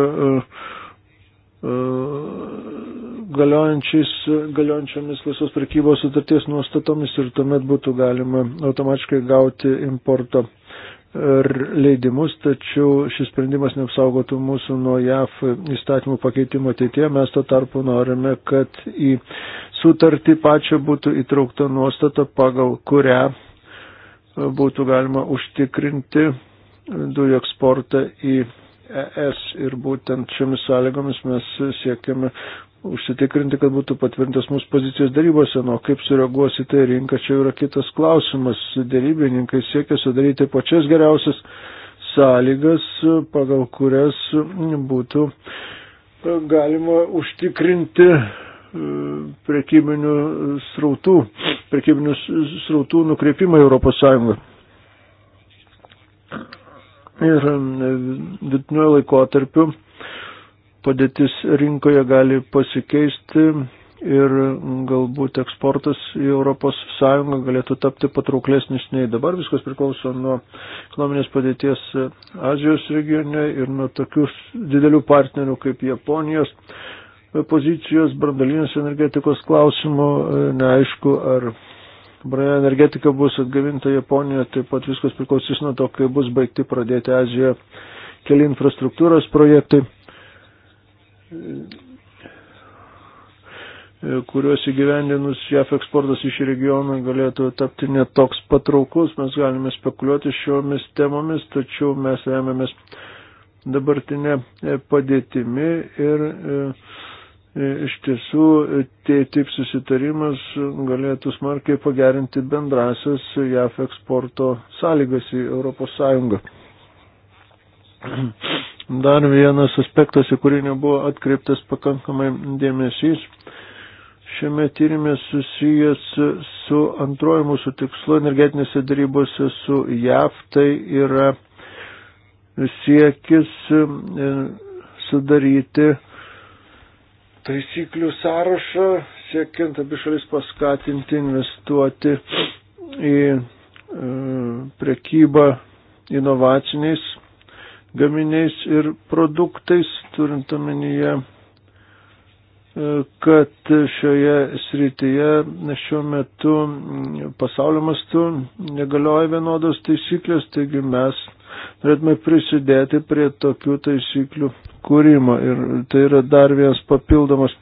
e, galiojančiamis laisvos prekybos sutarties nuostatomis ir tuomet būtų galima automatiškai gauti importo er, leidimus, tačiau šis sprendimas neapsaugotų mūsų nuo JAF įstatymų pakeitimo ateitie. Mes to tarpu norime, kad į sutartį pačią būtų įtraukta nuostata, pagal kurią būtų galima užtikrinti dujų eksportą į ES ir būtent šiomis sąlygomis mes siekiame užsitikrinti, kad būtų patvirtintas mūsų pozicijos darybose, nuo kaip sureaguos į tai rinka, čia yra kitas klausimas. Darybininkai siekia sudaryti pačias geriausias sąlygas, pagal kurias būtų galima užtikrinti e, prekybinių srautų, prekybinių srautų nukreipimą Europos Sąjungą ir vidutiniu laikotarpiu padėtis rinkoje gali pasikeisti ir galbūt eksportas į ES galėtų tapti patrauklesnis nei dabar. Viskas priklauso nuo ekonominės padėties Azijos regione ir nuo tokių didelių partnerių kaip Japonijos pozicijos brandalinės energetikos klausimų. E, neaišku, ar Branduolinė energetika bus atgavinta Japonijoje, taip pat viskas priklausys nuo to, kai bus baigti pradėti Azijoje keli infrastruktūros projektai, kuriuos įgyvendinus JAF eksportas iš regionų galėtų tapti netoks patraukus. Mes galime spekuliuoti šiomis temomis, tačiau mes remiamės dabartinę padėtimi ir e, iš tiesų TTIP susitarimas galėtų smarkiai pagerinti bendrasias JAF eksporto sąlygas į ES. Dar vienas aspektas, į kurį nebuvo atkreiptas pakankamai dėmesys, šiame tyrimė susijęs su antroju mūsų tikslu energetinėse darybose su JAF, tai yra siekis e, sudaryti taisyklių sąrašą, siekiant abi šalis paskatinti investuoti į e, prekybą inovaciniais gaminiais ir produktais, turint omenyje, e, kad šioje srityje šiuo metu pasaulio mastu negalioja vienodos taisyklės, taigi mes norėtume prisidėti prie tokių taisyklių kūrimo. Ir tai yra dar vienas papildomas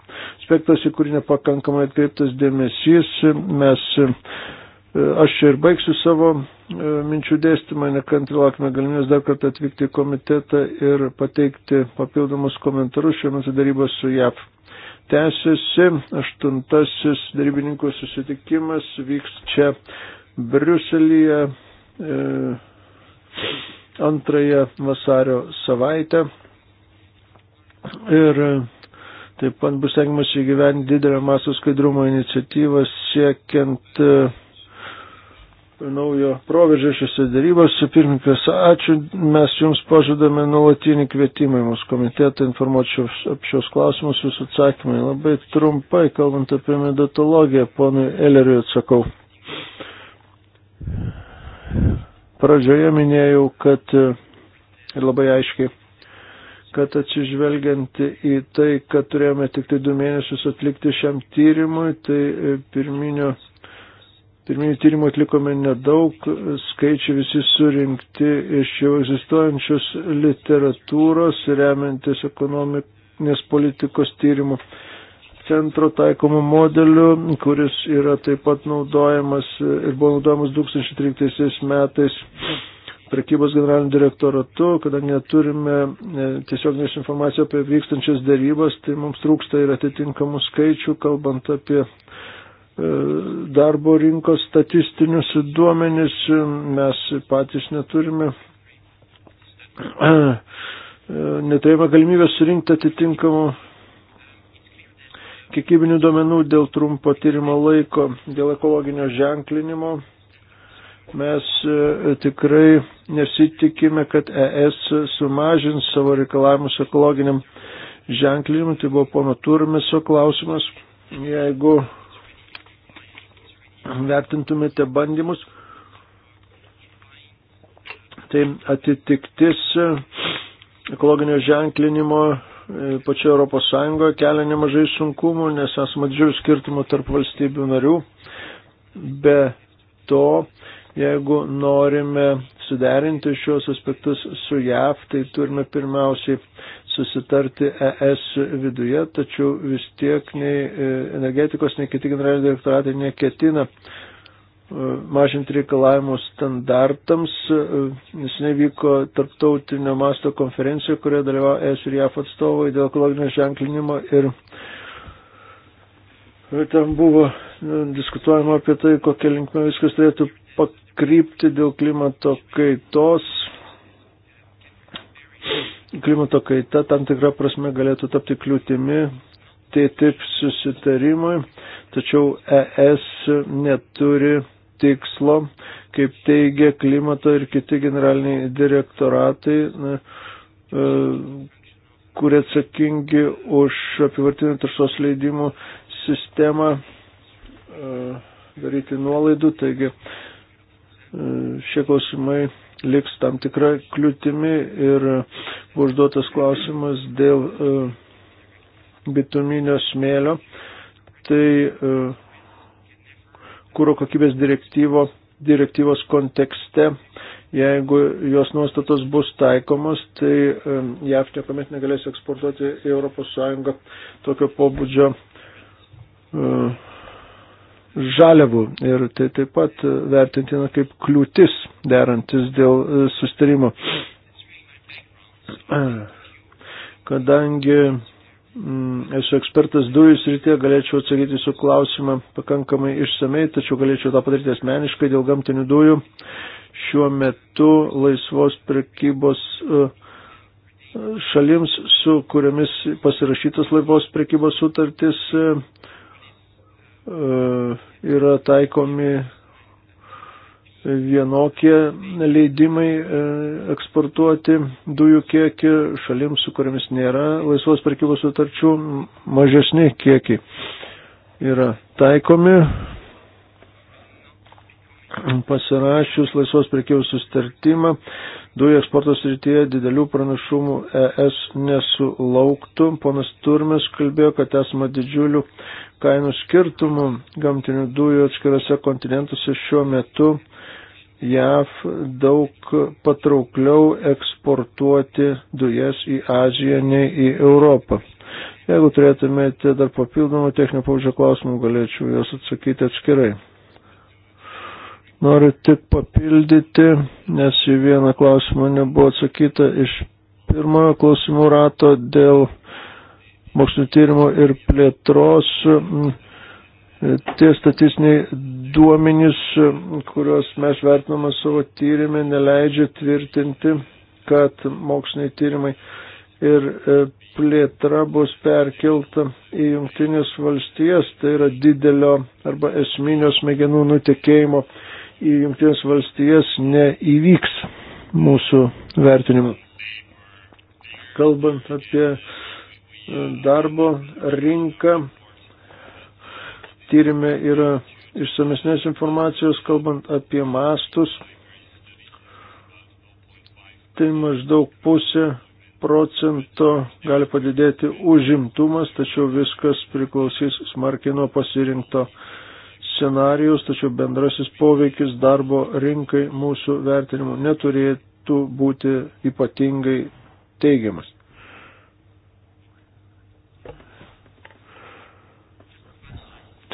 aspektas, į kurį nepakankamai atkreiptas dėmesys. Mes, e, aš čia ir baigsiu savo e, minčių dėstymą, nekantri laukime galimybės dar kartą atvykti į komitetą ir pateikti papildomus komentarus šiuo metu darybos su JAV. Tęsiasi aštuntasis darybininkų susitikimas, vyks čia Briuselyje. E, antrąją vasario savaitę Ir e, taip pat bus tengiamas įgyventi didelę masų skaidrumo iniciatyvą siekiant e, naujo proveržio šiose darybose. Pirmininkas, ačiū, mes jums pažadame nuolatinį kvietimą į mūsų komitetą informuočiau apie šios klausimus, jūsų atsakymai. Labai trumpai, kalbant apie medatologiją, ponui Eleriui atsakau. Pradžioje minėjau, kad e, ir labai aiškiai kad atsižvelgianti į tai, kad turėjome tik tai du mėnesius atlikti šiam tyrimui, tai e, pirminio, pirminio tyrimo atlikome nedaug, skaičiai visi surinkti iš jau egzistuojančios literatūros, remiantis ekonominės politikos tyrimų centro taikomų modelių, kuris yra taip pat naudojamas ir buvo naudojamas 2013 metais prekybos generaliniu direktoratu, kadangi neturime e, tiesioginės informacijos apie vykstančias dėrybas, tai mums trūksta ir atitinkamų skaičių, kalbant apie e, darbo rinkos statistinius duomenis, mes patys neturime. E, neturėjome galimybės surinkti atitinkamų kiekybinių duomenų dėl trumpo tyrimo laiko, dėl ekologinio ženklinimo Mes e, tikrai nesitikime, kad ES sumažins savo reikalavimus ekologiniam ženklinimui. Tai buvo pono Turmeso klausimas. Jeigu vertintumėte bandymus, tai atitiktis ekologinio ženklinimo e, pačioje Europos Sąjungoje kelia nemažai sunkumų, nes esama didžiulių skirtumų tarp valstybių narių. Be to Jeigu norime suderinti šios aspektus su JAV, tai turime pirmiausiai susitarti ES viduje, tačiau vis tiek nei e, energetikos, nei kiti generaliniai direktoratai neketina e, mažinti reikalavimų standartams. E, Nesiniai vyko tarptautinio masto konferencija, kurioje dalyvavo ES ir JAF atstovai dėl ekologinio ženklinimo ir ten buvo nu, diskutuojama apie tai, kokia linkme viskas turėtų pakrypti dėl klimato kaitos. Klimato kaita tam tikrą prasme galėtų tapti kliūtimi TTIP susitarimui, tačiau ES neturi tikslo, kaip teigia klimato ir kiti generaliniai direktoratai, e, kurie atsakingi už apivartinių taršos leidimų sistemą e, daryti nuolaidų, taigi šie klausimai liks tam tikra kliūtimi ir buvo užduotas klausimas dėl e, bituminio smėlio. Tai e, kūro kokybės direktyvo, direktyvos kontekste, jeigu jos nuostatos bus taikomos, tai e, JAV niekuomet negalės eksportuoti į ES tokio pobūdžio žaliavų ir tai taip pat vertintina kaip kliūtis derantis dėl e, sustarimo. Kadangi mm, esu ekspertas dujų srityje, galėčiau atsakyti su klausimą pakankamai išsamei, tačiau galėčiau tą padaryti asmeniškai dėl gamtinių dujų. Šiuo metu laisvos prekybos e, šalims, su kuriamis pasirašytas laivos prekybos sutartis, e, E, yra taikomi vienokie leidimai e, eksportuoti dujų kiekį šalims, su kuriamis nėra laisvos prekybos sutarčių, mažesni kiekiai yra taikomi, pasirašius laisvos prekiaus sustartimą, dujų eksporto srityje didelių pranašumų ES nesulauktų. Ponas Turmes kalbėjo, kad esama didžiulių kainų skirtumų gamtinių dujų atskirose kontinentuose šiuo metu. JAV daug patraukliau eksportuoti dujas į Aziją nei į Europą. Jeigu turėtumėte dar papildomų techninio paužio klausimų, galėčiau juos atsakyti atskirai. Noriu tik papildyti, nes į vieną klausimą nebuvo atsakyta iš pirmojo klausimų rato dėl mokslinio tyrimo ir plėtros. Tie statistiniai duomenys, kuriuos mes vertiname savo tyrimė, neleidžia tvirtinti, kad moksliniai tyrimai ir e, plėtra bus perkelta į jungtinės valstijas, tai yra didelio arba esminio smegenų nutekėjimo į Junktinės valstijas neįvyks mūsų vertinimu. Kalbant apie e, darbo rinką, tyrimė yra išsamesnės informacijos, kalbant apie mastus, tai maždaug pusė procento gali padidėti užimtumas, tačiau viskas priklausys smarkiai nuo pasirinkto uh, scenarijus, tačiau bendrasis poveikis darbo rinkai mūsų vertinimu neturėtų būti ypatingai teigiamas.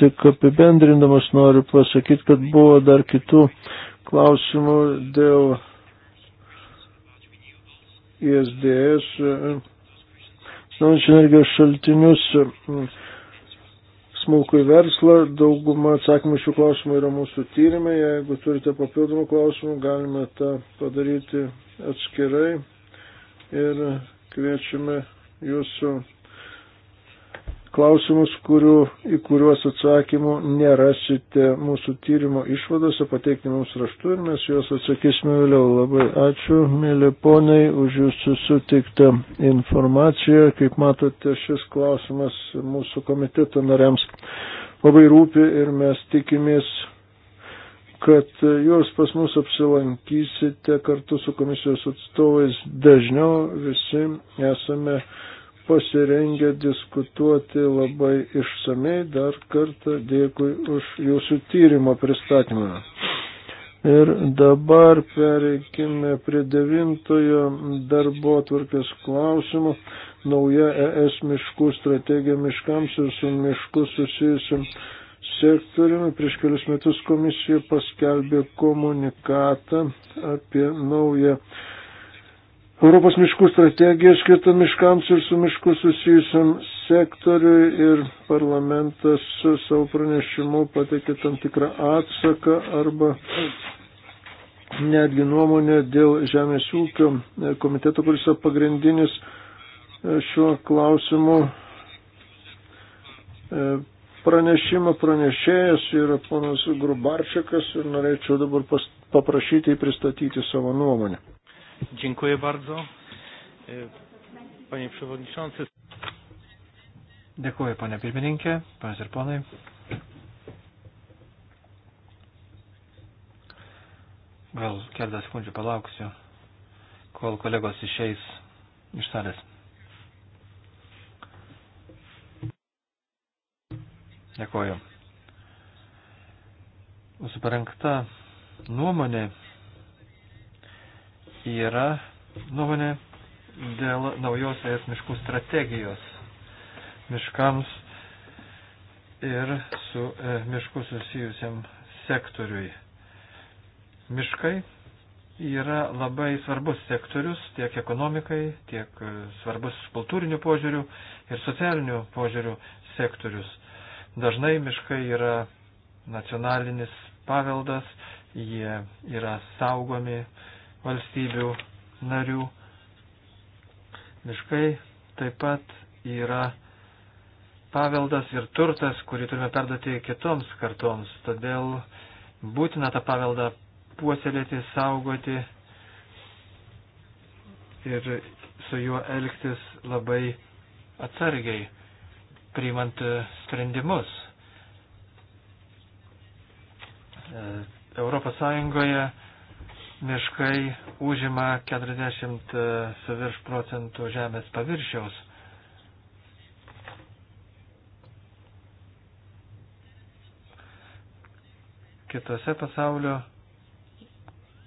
Tik apibendrindamas noriu pasakyti, kad buvo dar kitų klausimų dėl ISDS, e, atsinaujinančių energijos šaltinius smulkų į verslą. Dauguma atsakymų šių klausimų yra mūsų tyrimai. Jeigu turite papildomų klausimų, galime tą padaryti atskirai ir kviečiame jūsų klausimus, kurių, į kuriuos atsakymų nerasite mūsų tyrimo išvadose, pateikti mums raštu ir mes juos atsakysime vėliau. Labai ačiū, mėly ponai, už jūsų sutiktą informaciją. Kaip matote, šis klausimas mūsų komiteto nariams labai rūpi ir mes tikimės kad jūs pas mus apsilankysite kartu su komisijos atstovais dažniau visi esame pasirengę diskutuoti labai išsamei. Dar kartą dėkui už jūsų tyrimo pristatymą. Ir dabar pereikime prie devintojo darbo atvarkės klausimo. Nauja ES miškų strategija miškams ir su mišku susijusiam sektoriumi. Prieš kelius metus komisija paskelbė komunikatą apie naują Europos miškų strategija skirta miškams ir su mišku susijusiam sektoriui ir parlamentas savo pranešimu pateikė tam tikrą atsaką arba netgi nuomonę dėl Žemės ūkio komiteto, kuris yra pagrindinis e, šiuo klausimu e, pranešimą pranešėjas yra ponas Grubarčiakas ir norėčiau dabar pas, paprašyti jį pristatyti savo nuomonę. Dziękuję bardzo. E, panie Przewodniczący. Dėkuoju, ponia pirmininkė, panas ir ponai. Gal keletą sekundžių palauksiu, kol kolegos išeis iš salės. Dėkuoju. Mūsų parengta nuomonė yra nuomonė dėl naujos ES miškų strategijos miškams ir su e, mišku susijusiam sektoriui. Miškai yra labai svarbus sektorius tiek ekonomikai, tiek e, svarbus kultūrinių požiūrių ir socialinių požiūrių sektorius. Dažnai miškai yra nacionalinis paveldas, jie yra saugomi, e, valstybių narių. Miškai taip pat yra paveldas ir turtas, kurį turime perduoti kitoms kartoms. Todėl būtina tą paveldą puoselėti, saugoti ir su juo elgtis labai atsargiai, priimant sprendimus. E, Europos Sąjungoje miškai užima 40 e, virš procentų žemės paviršiaus. Kitose pasaulio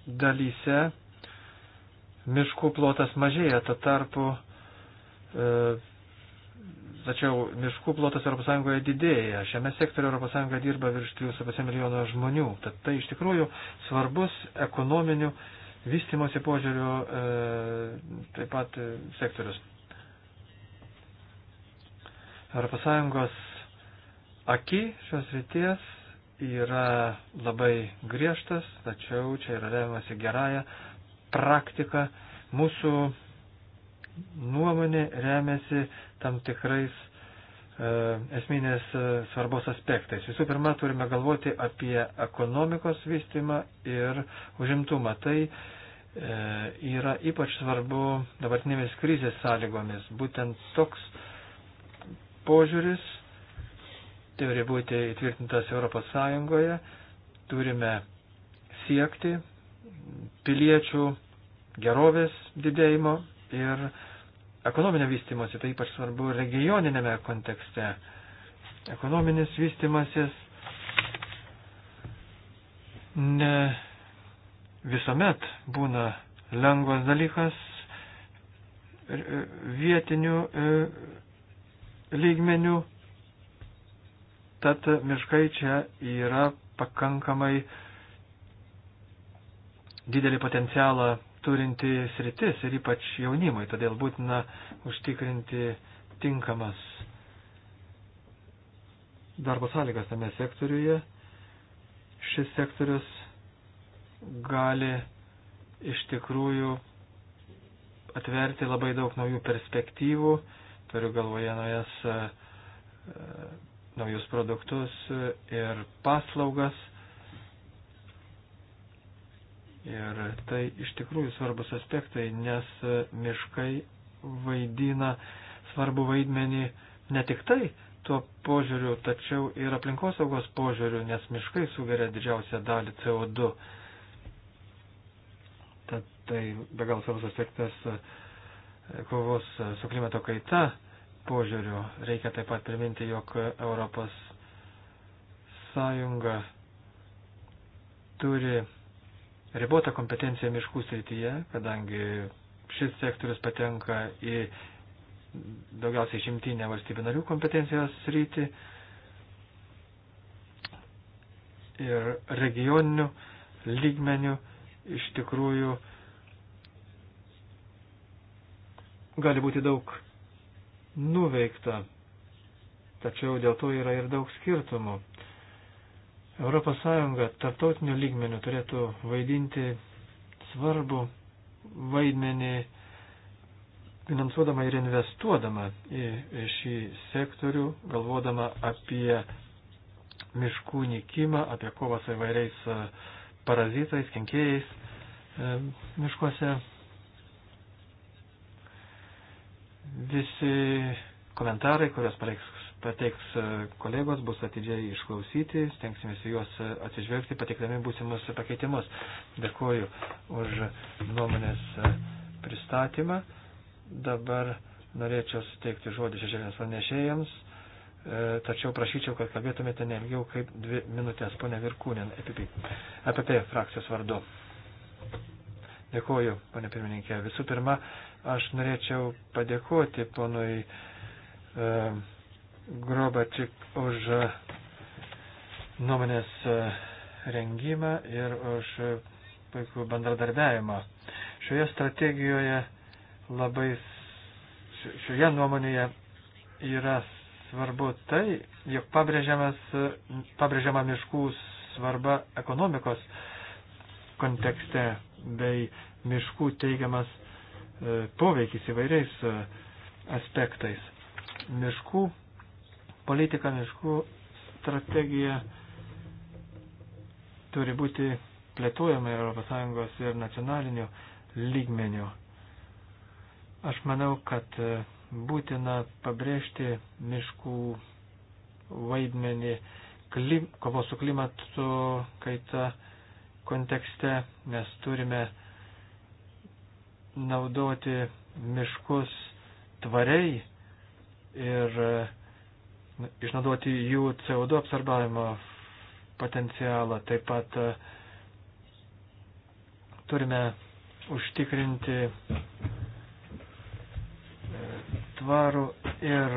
dalyse miškų plotas mažėja, to tarpu e, Tačiau miškų plotas ES didėja. Šiame sektoriu ES dirba virš 3,5 milijono žmonių. Tad tai iš tikrųjų svarbus ekonominių vystimosi požiūrių e, taip pat e, sektorius. ES aki šios ryties yra labai griežtas, tačiau čia yra remiamasi gerąją praktiką. Mūsų nuomonė remiasi tam tikrais e, esminės e, svarbos aspektais. Visų pirma, turime galvoti apie ekonomikos vystimą ir užimtumą. Tai e, yra ypač svarbu dabartinėmis krizės sąlygomis. Būtent toks požiūris turi būti įtvirtintas Europos Sąjungoje. Turime siekti piliečių gerovės didėjimo ir ekonominio vystimosi, tai ypač svarbu regioninėme kontekste. Ekonominis vystimasis ne visuomet būna lengvas dalykas e, vietinių e, lygmenių, tad miškai čia yra pakankamai didelį potencialą turinti sritis ir ypač jaunimui, todėl būtina užtikrinti tinkamas darbo sąlygas tame sektoriuje. Šis sektorius gali iš tikrųjų atverti labai daug naujų perspektyvų, turiu galvoje naujas, e, e, naujus produktus ir paslaugas Ir tai iš tikrųjų svarbus aspektai, nes miškai vaidina svarbu vaidmenį ne tik tai tuo požiūriu, tačiau ir aplinkosaugos požiūriu, nes miškai sugeria didžiausią dalį CO2. Tad tai be gal svarbus aspektas e, kovos su klimato kaita požiūriu. Reikia taip pat priminti, jog Europos Sąjunga turi ribota kompetencija miškų srityje, kadangi šis sektorius patenka į daugiausiai šimtinę valstybių narių kompetencijos sritį ir regioninių lygmenių iš tikrųjų gali būti daug nuveikta, tačiau dėl to yra ir daug skirtumų. Europos Sąjunga tarptautiniu lygmeniu turėtų vaidinti svarbu vaidmenį finansuodama ir investuodama į šį sektorių, galvodama apie miškų nykimą, apie kovą su įvairiais e, parazitais, kenkėjais e, miškuose. Visi komentarai, kurios pareiks pateiks e, kolegos, bus atidžiai išklausyti, stengsimės juos e, atsižvelgti, pateikdami būsimus pakeitimus. Dėkuoju už nuomonės e, pristatymą. Dabar norėčiau suteikti žodį šešėlėms pranešėjams, tačiau prašyčiau, kad kalbėtumėte ne ilgiau kaip dvi minutės, ponia Virkūnė, EPP, EPP frakcijos vardu. Dėkuoju, ponia pirmininkė. Visų pirma, aš norėčiau padėkoti ponui. E, Grobačik už e, nuomonės e, rengimą ir už e, puikų bendradarbiavimą. Šioje strategijoje labai, šioje nuomonėje yra svarbu tai, jog pabrėžiama miškų svarba ekonomikos kontekste bei miškų teigiamas poveikis įvairiais aspektais. Miškų politika miškų strategija turi būti plėtojama ES ir nacionaliniu lygmeniu. Aš manau, kad e, būtina pabrėžti miškų vaidmenį klim, kovos su klimatu kaita kontekste. Mes turime naudoti miškus tvariai ir uh, išnaudoti jų CO2 apsarbavimo potencialą. Taip pat e, turime užtikrinti e, tvarų ir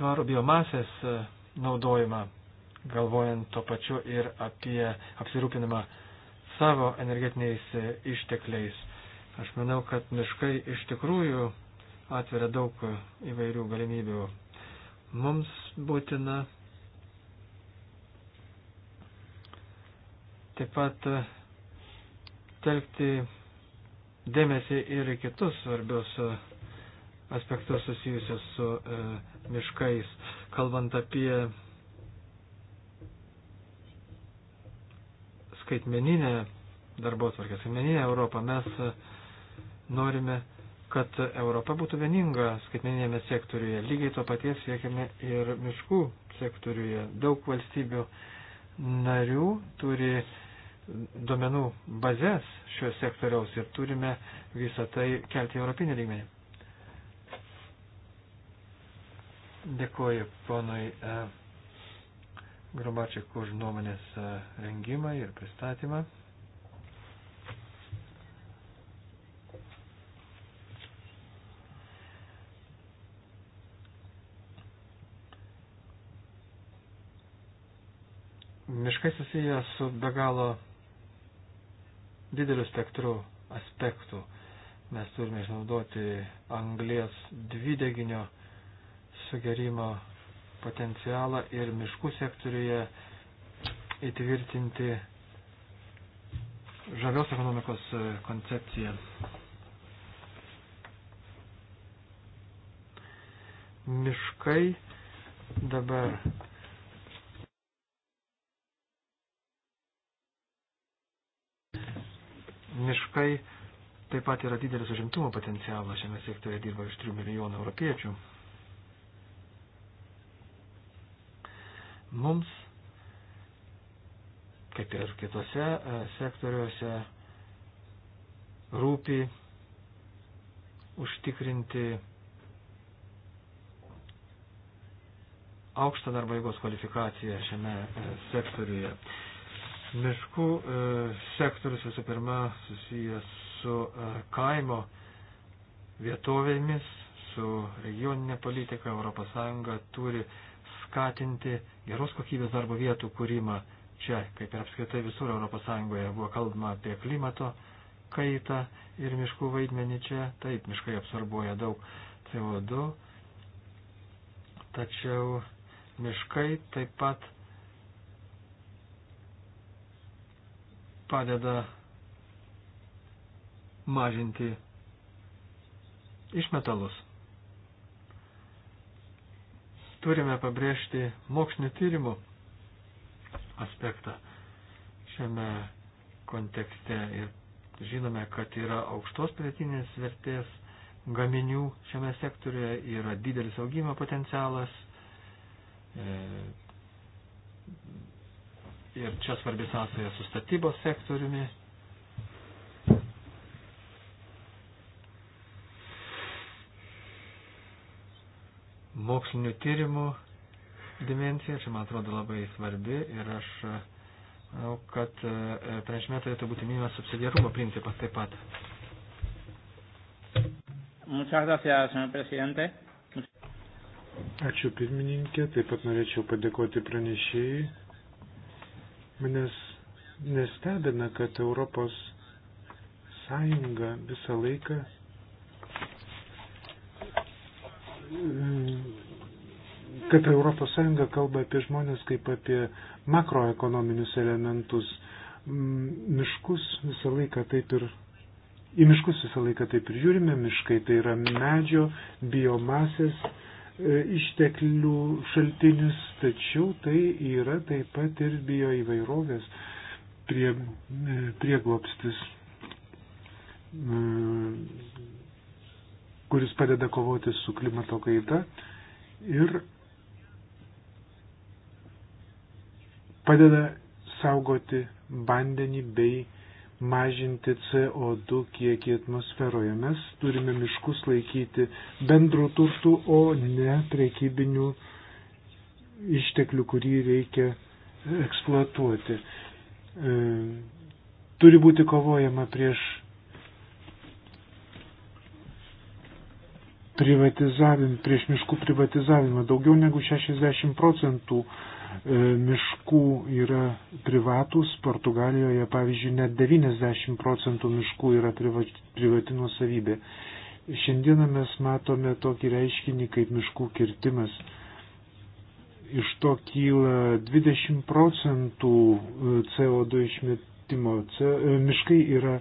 tvarų biomasės e, naudojimą, galvojant to pačiu ir apie apsirūpinimą savo energetiniais ištekliais. Aš manau, kad miškai iš tikrųjų atveria daug įvairių galimybių. Mums būtina taip pat telkti dėmesį ir į kitus svarbius aspektus susijusius su e, miškais, kalbant apie skaitmeninę darbo tvarkę, skaitmeninę Europą, mes norime kad Europa būtų vieninga skaitmeninėme sektoriuje. Lygiai to paties siekiame ir miškų sektoriuje. Daug valstybių narių turi duomenų bazės šio sektoriaus ir turime visą tai kelti europinį lygmenį. Dėkuoju ponui e, Grubačiak už nuomonės e, rengimą ir pristatymą. Miškai susiję su be galo dideliu spektru aspektų. Mes turime išnaudoti anglės dvideginio sugerimo potencialą ir miškų sektoriuje įtvirtinti žalios ekonomikos koncepciją. Miškai dabar miškai taip pat yra didelis užimtumo potencialas. Šiame sektorėje dirba iš 3 milijonų europiečių. Mums, kaip ir kitose e, sektoriuose, rūpi užtikrinti aukštą darbo jėgos kvalifikaciją šiame e, sektoriuje. Miškų e, sektorius visų pirma susijęs su e, kaimo vietovėmis, su regioninė politika. ES turi skatinti geros kokybės darbo vietų kūrimą čia, kaip ir apskritai visur ES buvo kalbama apie klimato kaitą ir miškų vaidmenį čia. Taip, miškai absorbuoja daug CO2, tačiau miškai taip pat padeda mažinti išmetalus. Turime pabrėžti mokslinio tyrimo aspektą šiame kontekste ir žinome, kad yra aukštos pridėtinės vertės gaminių šiame sektoriuje, yra didelis augimo potencialas, e, Ir čia svarbi sąsaja su statybos sektoriumi. Mokslinių tyrimų dimencija, čia man atrodo labai svarbi ir aš manau, kad e, pranešime turėtų būti minimas subsidiarumo principas taip pat. Muchas gracias, señor presidente. Ačiū pirmininkė, taip pat norėčiau padėkoti pranešėjai Manęs nestebina, kad Europos Sąjunga visą laiką kad Europos Sąjunga kalba apie žmonės kaip apie makroekonominius elementus. Miškus visą laiką taip ir į miškus visą laiką taip ir žiūrime, miškai tai yra medžio, biomasės, E, išteklių šaltinius, tačiau tai yra taip pat ir bioįvairovės prie, e, prieglopstis, e, kuris padeda kovoti su klimato kaita ir padeda saugoti vandenį bei mažinti CO2 kiekį atmosferoje. Mes turime miškus laikyti bendrų turtų, o ne prekybinių išteklių, kurį reikia eksploatuoti. E, turi būti kovojama prieš privatizavim, prieš miškų privatizavimą. Daugiau negu 60 procentų e, miškų yra privatus, Portugalijoje pavyzdžiui net 90 procentų miškų yra privati nuosavybė. Šiandieną mes matome tokį reiškinį kaip miškų kirtimas. Iš to kyla 20 procentų e, CO2 išmetimo. E, miškai yra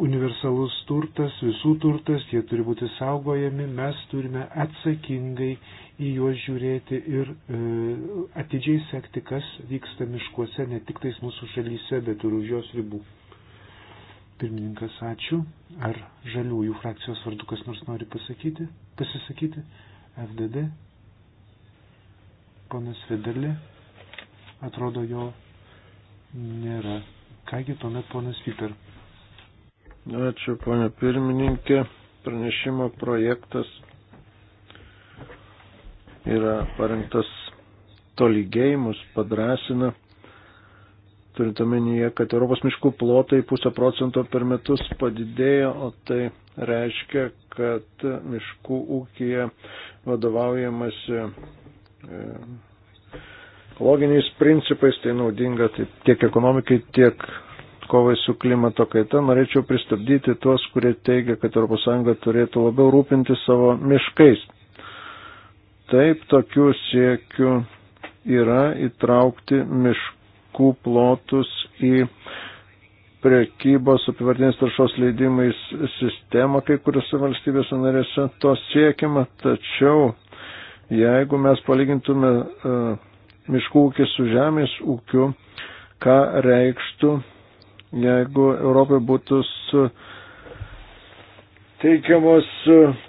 universalus turtas, visų turtas, jie turi būti saugojami, mes turime atsakingai į juos žiūrėti ir e, atidžiai sekti, kas vyksta miškuose, ne tik tais mūsų šalyse, bet ir už jos ribų. Pirmininkas, ačiū. Ar žaliųjų frakcijos vardu kas nors nori pasakyti? Pasisakyti? FDD? Ponas Federlė? Atrodo, jo nėra. Kągi tuomet ponas Piper. Ačiū, ponė pirmininkė. Pranešimo projektas yra parengtas tolygiai, mus padrasina, turint omenyje, kad Europos miškų plotai pusę procento per metus padidėjo, o tai reiškia, kad miškų ūkija vadovaujamasi e, ekologiniais principais, tai naudinga tai tiek ekonomikai, tiek kovai su klimato kaita, norėčiau pristabdyti tuos, kurie teigia, kad ES turėtų labiau rūpinti savo miškais. Taip, tokių siekių yra įtraukti miškų plotus į priekybos apivartinės taršos leidimais sistemą kai kuriuose valstybėse narėse to siekiama, tačiau jeigu mes palygintume uh, miškų ūkį su žemės ūkiu, ką reikštų jeigu Europai būtų su teikiamos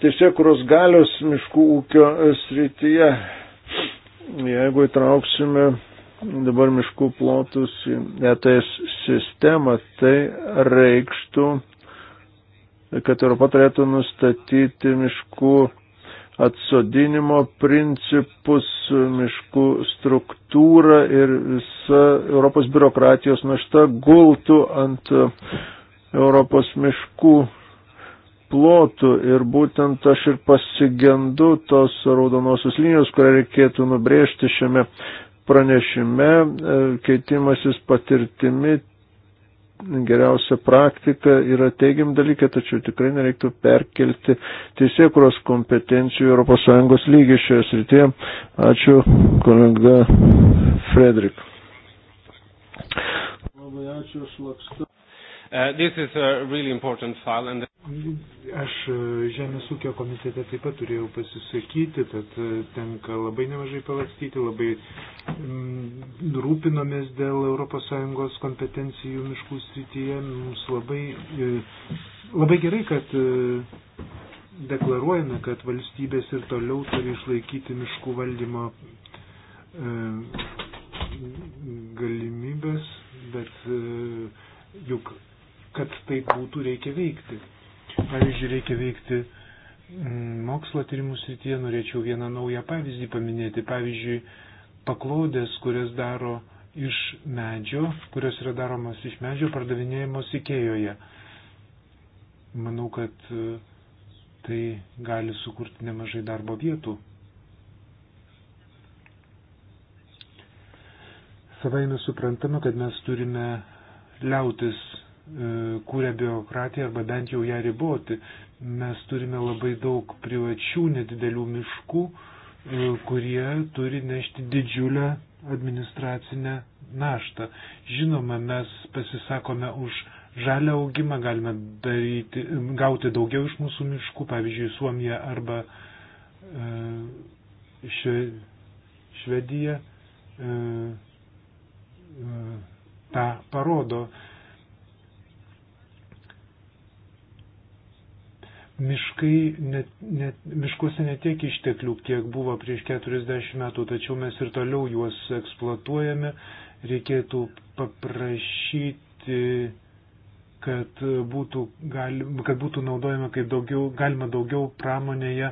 teisėkuros galios miškų ūkio srityje. Jeigu įtrauksime dabar miškų plotus į ETS sistemą, tai reikštų, kad Europa turėtų nustatyti miškų atsodinimo principus, miškų struktūrą ir visa Europos biurokratijos našta gultų ant Europos miškų plotų ir būtent aš ir pasigendu tos raudonosios linijos, kurią reikėtų nubrėžti šiame pranešime, e, keitimasis patirtimi geriausia praktika yra teigiam dalykai, tačiau tikrai nereiktų perkelti teisėkuros kompetencijų ES lygį šioje srityje. Ačiū, kolega Fredrik. Labai ačiū, aš lakstu. Uh, this is a really important file and Aš e, Žemės ūkio komitete taip pat turėjau pasisakyti, tad e, tenka labai nemažai palakstyti, labai mm, rūpinomės dėl ES kompetencijų miškų srityje. Mums labai, e, labai gerai, kad deklaruojame, kad valstybės ir toliau turi išlaikyti miškų valdymo galimybės, bet juk kad taip būtų, reikia veikti. Pavyzdžiui, reikia veikti mm, mokslo tyrimų srityje, norėčiau vieną naują pavyzdį paminėti. Pavyzdžiui, paklodės, kurias daro iš medžio, kurios yra daromas iš medžio, pardavinėjamos Ikėjoje. Manau, kad e, tai gali sukurti nemažai darbo vietų. Savaime suprantama, kad mes turime liautis E, kūrė biokratiją arba bent jau ją riboti. Mes turime labai daug privačių nedidelių miškų, e, kurie turi nešti didžiulę administracinę naštą. Žinoma, mes pasisakome už žalę augimą, galime daryti, gauti daugiau iš mūsų miškų, pavyzdžiui, Suomija arba e, šve, Švedija. Ta parodo, miškai, net, net, miškuose netiek išteklių, kiek buvo prieš 40 metų, tačiau mes ir toliau juos eksploatuojame. Reikėtų paprašyti, kad būtų, gali, kad būtų naudojama kaip daugiau, galima daugiau pramonėje e,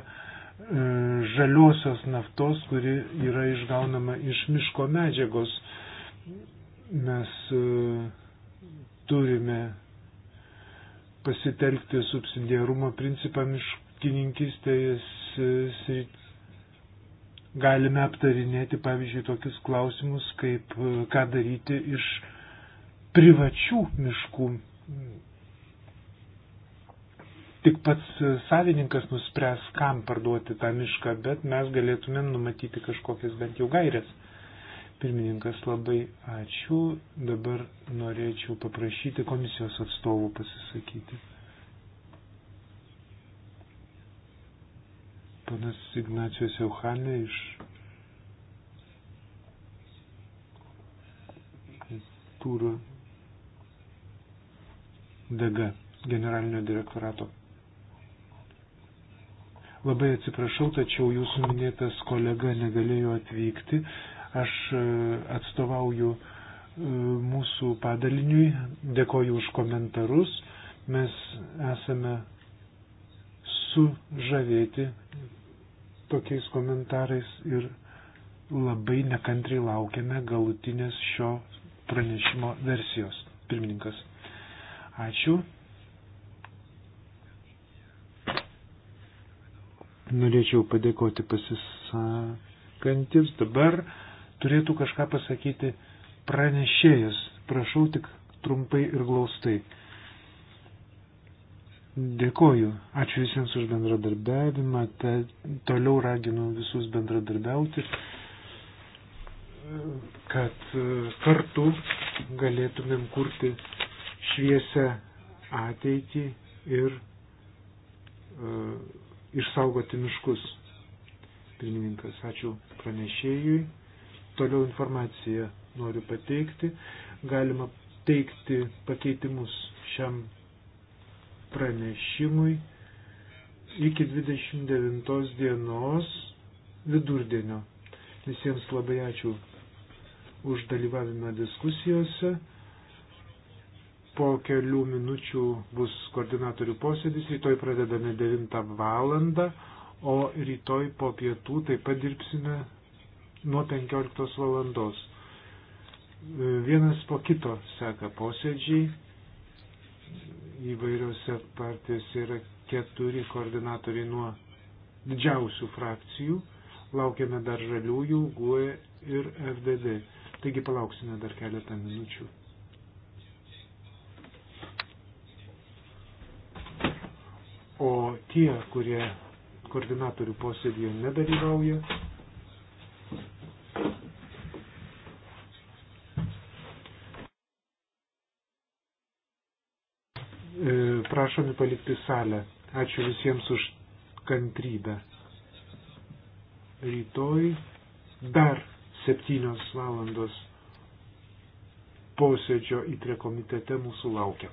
žaliosios naftos, kuri yra išgaunama iš miško medžiagos. Mes e, turime pasitelkti subsidiarumo principą miškininkistės e, srityje. Galime aptarinėti, pavyzdžiui, tokius klausimus, kaip e, ką daryti iš privačių miškų. Tik pats e, savininkas nuspręs, kam parduoti tą mišką, bet mes galėtumėm numatyti kažkokias bent jau gairias. Pirmininkas, labai ačiū. Dabar norėčiau paprašyti komisijos atstovų pasisakyti. Panas Ignacijos Jauhanė iš kultūrų DG generalinio direktorato. Labai atsiprašau, tačiau jūsų minėtas kolega negalėjo atvykti Aš e, atstovauju e, mūsų padaliniui, dėkoju už komentarus. Mes esame sužavėti tokiais komentarais ir labai nekantriai laukiame galutinės šio pranešimo versijos. Pirmininkas. Ačiū. Norėčiau padėkoti pasisakantiems. Dabar turėtų kažką pasakyti pranešėjas. Prašau tik trumpai ir glaustai. Dėkoju. Ačiū visiems už bendradarbiavimą. Te, toliau raginu visus bendradarbiauti, kad e, kartu galėtumėm kurti šviesę ateitį ir uh, išsaugoti miškus. Pirmininkas, ačiū pranešėjui toliau informaciją noriu pateikti. Galima teikti pakeitimus šiam pranešimui iki 29 dienos vidurdienio. Visiems labai ačiū už dalyvavimą diskusijose. Po kelių minučių bus koordinatorių posėdis, rytoj pradedame 9 valandą, o rytoj po pietų taip pat dirbsime nuo 15 valandos. E, vienas po kito seka posėdžiai, įvairiose partijose yra keturi koordinatoriai nuo didžiausių frakcijų, laukiame dar žaliųjų, GUE ir FDD. Taigi palauksime dar keletą minučių. O tie, kurie koordinatorių posėdėje nedalyvauja, prašomi palikti salę. Ačiū visiems už kantrybę. Rytoj dar septynios valandos posėdžio įtre komitete mūsų laukia.